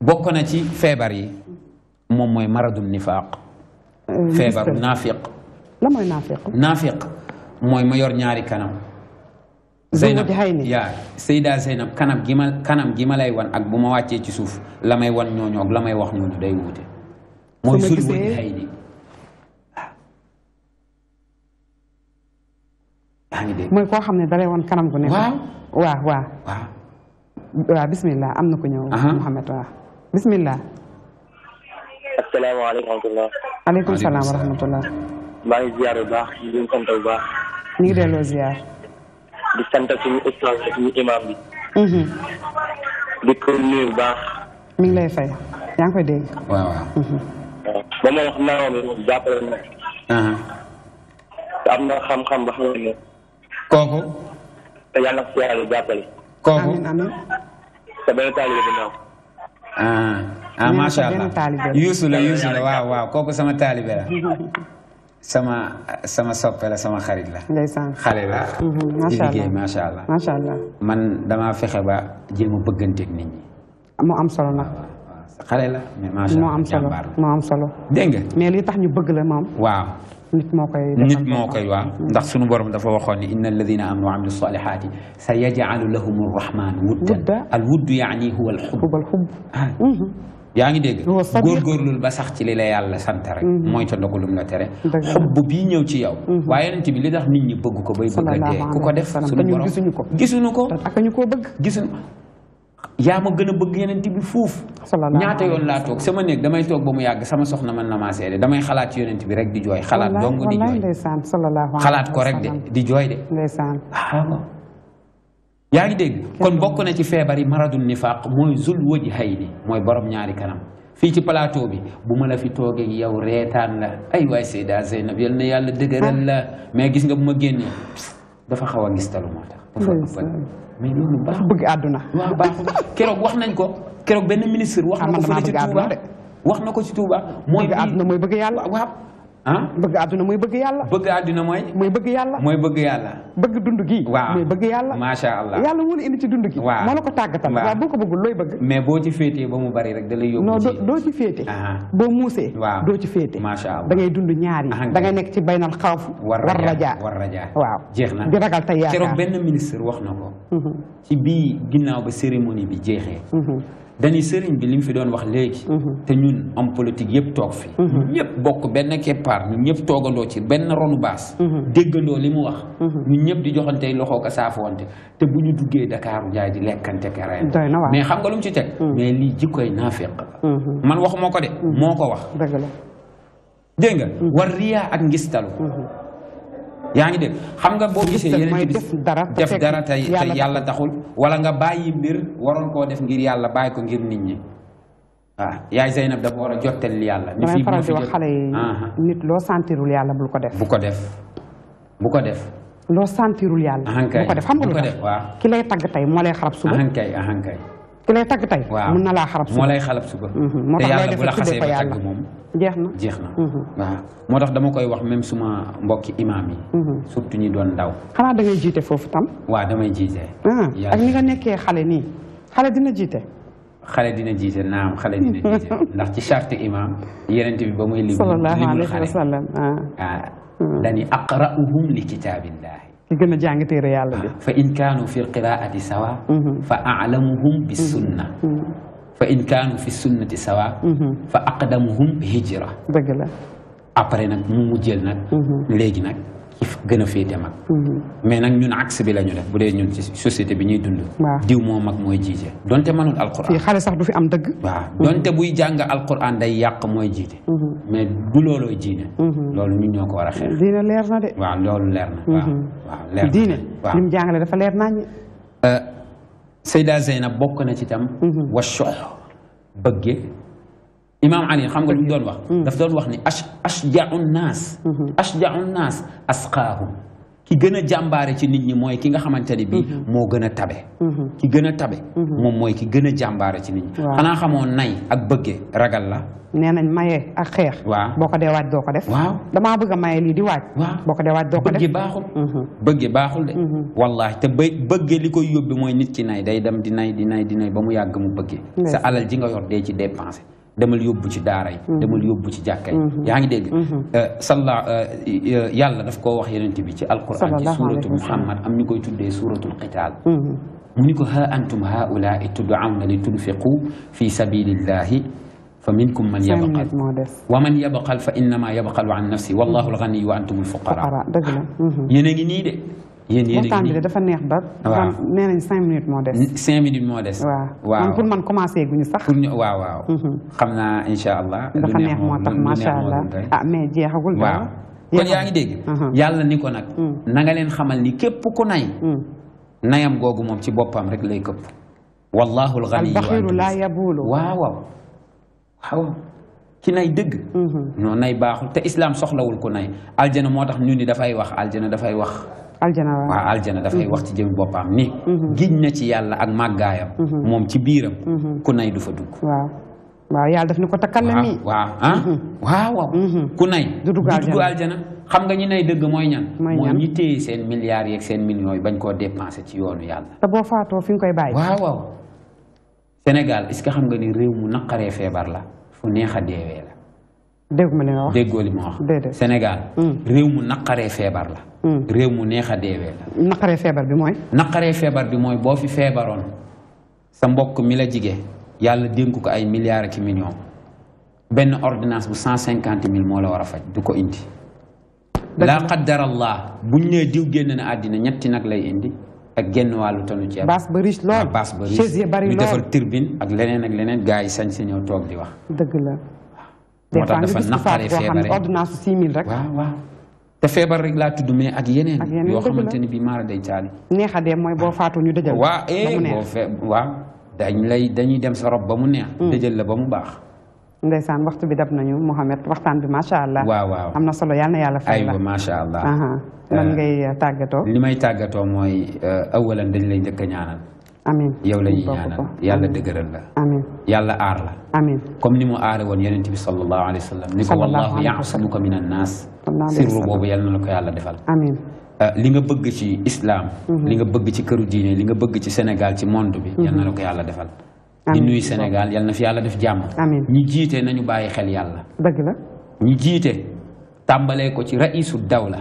Speaker 3: wax na ci feebar yi moom mooy maradum nifaaq
Speaker 2: euh, feebar naafiq la mooy naafiq
Speaker 3: naafiq mooy ma yor ñaari kanam Zeynab yaa Seyda Zeynab kanam gi ma kanam gi ma lay wan ak bu ma wàccee ci suuf la may wan ñooñu ak la may wax ñooñu day wuute
Speaker 2: yaa mooy koo xam ne dalay woon kanam gu ne waaw waaw waaw waaw am na ku ñëw Mouhamed waaw bisimilah
Speaker 3: asalaamaaleykum wa rahmatulah
Speaker 2: aleykum salaam wa rahmatulah
Speaker 3: maa ngi ziar bu baax di sant suñu ustaas ak suñu imam bi mhm. mi
Speaker 2: ngi lay fay yaa koy dégg
Speaker 3: mhm. kooku. te yàlla ko yàlla jàppale. kooku amiin ah, ah, sama taalibe la. sama sama la sama xarit la. ndeysaan xale la. Mhm, macha allah man dama fexe ba jéem a bëgganteeg nit ñi.
Speaker 2: moo am solo nag.
Speaker 3: xale la moo am solo
Speaker 2: moo am solo. tax ñu bëgg la moom. waaw. نت موقع
Speaker 3: ندخ سنو برم دفا وخوان لإن الذين آمنوا وعملوا الصالحات سيجعل لهم الرحمن ودا الود يعني هو الحب هو الحب يعني ديك غور غور لول باسخ تي لي يالا سانت رك موي تو نكو لا تري حب بي نيو تي ياو واي نانت بي لي داخ نيت ني بوجو كو باي بوجو ديف سونو بوروم غيسونو كو غيسونو كو اكا غيسونو yaa ma gën a bëgg yeneen bi fuuf. ñaata yoon laa toog sama néeg damay toog ba mu yàgg sama soxna man na maa seede damay xalaat ci yonent bi rek di jooy. xalaat dong di jooy
Speaker 2: xalaat ko rek de
Speaker 3: di jooy de. yaa ngi dégg kon bokk na ci feebar yi maradul nifaq mooy zul wajhayni mooy boroom ñaari kanam fii ci palaato bi bu ma la fi toogee yow reetaan la ay waay Seyda Zeynab yal na yàlla dëgëral la ah. mais gis nga bu ma génnee dafa xaw a gistalu moo tax. mais loolu baax bëgg àdduna. waaw baax keroog wax nañ ko keroog benn ministre. wax na ko ah, fële ci Touba wax na ko ci Touba. mooy bëgg àdduna mooy bëgg yàlla waaw. ah bëgg àdduna mooy bëgg yàlla bëgg àdduna mooy mooy bëgg yàlla mooy bëgg yàlla bëgg dund gi waaw mooy bëgg yàlla macha allah yàlla
Speaker 2: moo la indi ci dund gi waaw moo la ko tàggatal waaw boo ko bëggul bëgg
Speaker 3: mais boo ci féetee ba mu rek da lay yóbbu non
Speaker 2: doo ci féete ah. boo muusee
Speaker 3: waaw doo ci féete macha allah
Speaker 2: da ngay dund ñaar yi ah, da ngay nekk ci baynal xawf
Speaker 3: war rajaa
Speaker 2: war rajaa waaw jeex na di ragal tey yaakaar
Speaker 3: benn ministre wax na ko mhm. ci bii ginnaaw ba cérémonie bi jeexee mhm. dañuy sëriñ bi mu fi doon wax léegi. Mhm. te ñun am politique yëpp toog fi. Mhm. ñëpp bokk benn keppaar ñun ñëpp toogandoo ci benn ronu baas. Mhm. déggandoo li mu wax. ñun ñëpp di joxante loxo ko saafoonte te bu ñu duggee Dakar Ndiaye di lekkante kereen. mais xam nga lu ci teg. mais lii jikkoy naafeq la. wax waxuma ko de. moo ko wax. dëgg la dégg nga war riyaa ak ngistalu. yaa ngi dégg xam nga boo gisee yeneen def dara def dara te yàlla taxul wala nga bàyyi mbir waroon koo def ngir yàlla bàyyi ko ngir nit ñi waaw ah, yaay Zeynab dafa war a jottel yàlla ni fi faral di wax xale yi ah, ah.
Speaker 2: nit loo sentirul yàlla bul
Speaker 3: ko def bu ko def bu ko def
Speaker 2: loo sentirul yàlla bu ko def xam nga lu tax ki lay tagg tey moo lay xarab suba ahankay ahankay كلي تاك تاي من لا خرب سو مولاي خلب
Speaker 3: سو موتاخ يالا بولا خاسي با تاك موم
Speaker 2: جيخنا جيخنا واه
Speaker 3: موتاخ داما كاي واخ ميم سوما مبوكي امامي سورتو ني دون داو خانا دا ngay جيتي فوفو تام واه داماي جيتي اه
Speaker 2: اك نيغا نيكي خالي ني خالي دينا جيتي
Speaker 3: خالي دينا جيتي نعم خالي دينا جيتي ناخ سي شارت امام يرنتي بي باموي لي صلى الله عليه وسلم اه داني اقراهم لكتاب الله
Speaker 2: ci gën a jàng téere yàlla
Speaker 3: bi fa in kaanu fi lqiraati sawa fa alamuhum bi sunna fa in kaanu fi sunnati sawa fa aqdamuhum hijra dëgg la après nag mu mujjël nag léegi nag gën a féete mag mhm. mais nag ñun axe bi la ñu def bu dee ñun ci société bi ñuy dund diw moo mag mooy jiite donte mënul alquran xale sax du fi am dëgg waaw mhm. donte buy jàng alquran day yàq mooy jiite mhm. mais du looloo diine loolu ñun ñoo ko war a xeex diine leer na de waaw loolu leer na waaw waaw leer na diine li mu
Speaker 2: jàngale dafa leer nañ
Speaker 3: euh, Seyda Zeynab bokk na ci tam wa bëgge imaam Ali xam nga lu mu doon wax. Hmm. daf doon wax ni ash ashjaun naas. Hmm. ashjaun naas asqaahum ki gën a jàmbaare ci nit ñi mooy ki nga xamante ni bii hmm. moo gën a tabe ki gën a tabe moom mooy ki gën a jàmbaare ci nit ñi xanaa xamoo nay ak bëggee ragal la
Speaker 2: nee nañ maye ak xeex waaw boo ko dee waaj doo ko def waaw damaa bëgg a maye lii di waaj boo ko dee doo ko def bëgge baaxul
Speaker 3: bëgge baaxul de wallaahi te ba bëggee li koy yóbbi mooy nit ki nay day dem di nay di nay ba mu yàgg mu bëggee sa alal ji nga yor dee ci dépensé demal yóbbu ci daara yi demal yóbbu ci jakkay yaangi deg ngi salla yàlla daf ko wax yenente bi ci alquran ci suratu muhammad am ni koy tuddé suratul alqital mu ni ko ha antum haulaai tud'auna litunfiqu fi sabilillahi fa minkum man yabqal wa man yabqal fa innama yabqalu an nafsi wallahu alghani wa antum alfuqara yéen ngi nii de yéen yéen waxtaan bi de
Speaker 2: dafa neex ba. waaw nee nañ cinq minutes moo des.
Speaker 3: cinq minutes moo des. waaw man pour man commencé guñu sax. pour ñu waaw waaw. xam naa incha allah. dafa neex moo tax macha allah
Speaker 2: ah mais jeexagul. waaw
Speaker 3: kon yaa ngi dégg. yàlla ni ko nag. na nga leen xamal ni képp ku nay. nayam googu moom ci boppam rek lay këpp. wallahu alganiyu albaxiru laa yabuulu. waaw waaw waaw. ki nay dëgg non nay baaxul te islam soxlawul ku nay aljana moo tax ñu ni dafay wax aljana dafay wax
Speaker 2: aljana waaw
Speaker 3: aljana dafay wax ci jëmi boppam ni mhm. giñ na ci yàlla ak màggaayam mhm. moom ci biiram mhm. ku nay du fa dugg waaw
Speaker 2: yàlla daf ni ko takkal na nii
Speaker 3: waaw ah waaw waaw ku nay du dugg aljana xam nga ñi nay dëgg mooy ñan mooy ñi seen milliards yeeg seen millions yi bañ koo dépensé ci yoonu yàlla
Speaker 2: te boo faatoo fi koy bàyyi waaw waaw
Speaker 3: Sénégal est que xam nga ni réew mu naqaree feebar la fu neex a deewee dégg ma li nga wax déggoo li ma wax. déedéet Sénégal. Hmm. réew mu naqaree feebar la. Hmm. réew mu neex a deewee
Speaker 2: la. naqaree feebar bi mooy.
Speaker 3: naqaree feebar bi mooy boo fi feebaroon sa mbokk mi la jige yàlla dénku ko ay milliards ak millions benn ordinance bu cent cinquante mille moo la war a faj du ko indi. laa qaddarallah buñ nee diw génn na àddina ñetti nag lay indi. ak genn wàllu tonu ceeb. baas ba riche lool ah, baas ba riche ñu defal turbine ak leneen ak leneen gars yi sañ si ñëw toog di wax. moo tax dafa naqaree feebaree boo xam ne
Speaker 2: ordonnance six mille rek. waaw waaw
Speaker 3: te feebar rek laa tudd mais ak yeneen. ak yeneen yoo xamante ne bii maara day taali. neex a dee mooy faatu ñu dëjël. waaw eh boo fee waaw dañ lay dañuy dem sa rob ba mu neex. dëjël la ba mu baax.
Speaker 2: ndeysaan waxtu bi dab nañu mohammed waxtan bi macha allah. wa waaw am solo yal yàlla fay la aywa macha allah. lan ngay tagato limay
Speaker 3: tagato moy awalan dañ lay njëkk ñaanal. amiin yow la ñuy ñaanal yàlla dëgëral la amiin yàlla aar la amiin comme ni mu aare woon yonent bi sallallahu alayhi wa sallam wallahu yaasimuka min annaas sirru boobu yàlla na yàlla defal amiin li nga bëgg ci islam li nga bëgg ci këru diine li nga bëgg ci Sénégal ci monde bi yàlla na yàlla defal di nuyu Sénégal yàlla na fi yàlla def jàmm ñi jiite nañu bàyyi xel yàlla dëgg la ñi jiite tàmbalee ko ci raisu dawla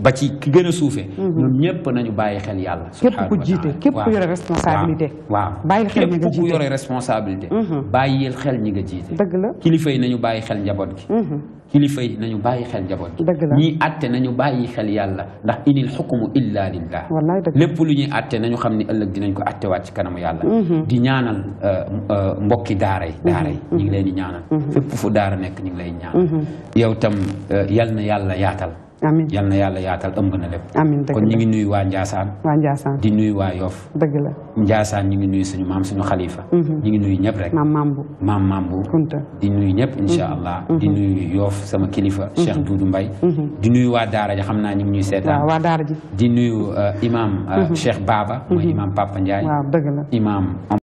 Speaker 3: ba ci ki gën a suufee. ñoom ñëpp nañu bàyyi xel yàlla. subxanahu képp ku jiite képp ku yore
Speaker 2: responsabilité.
Speaker 3: waaw bàyyi xel ñi nga jiite képp ku yore responsabilité. bàyyi xel ñi nga jiite. dëgg la kilifa yi nañu bàyyi xel njaboot àtte nañu bàyyi xel inil xukumu illa lillah. wallaay dëgg àtte nañu xam ni ëllëg dinañ ko àttewaat ci kanamu yàlla. di ñaanal mbokki daara yi. daara yi ñu ngi leen yàlla yaatal amiin yal na yàlla yaatal ëmb na lépp. amiin dëgg la kon ñu ngi nuyu waa Ndiassane. di nuyu waa Yoff. dëgg la Ndiassane ñu ngi nuyu suñu maam suñu xalifa. Mhm. ñu ngi nuyu ñëpp rek. maam Mambu maam Mambu. di nuyu ñëpp incha mhm. allah. Mhm. di nuyu Yoff sama kilifa. Cheikh Doudou Mbaye. di nuy waa Daara ji xam naa ñu ngi ñuy seetaan. di nuyu euh, imam euh, Cheikh Baba. mooy imam Papa Ndiaye. dëgg la imam.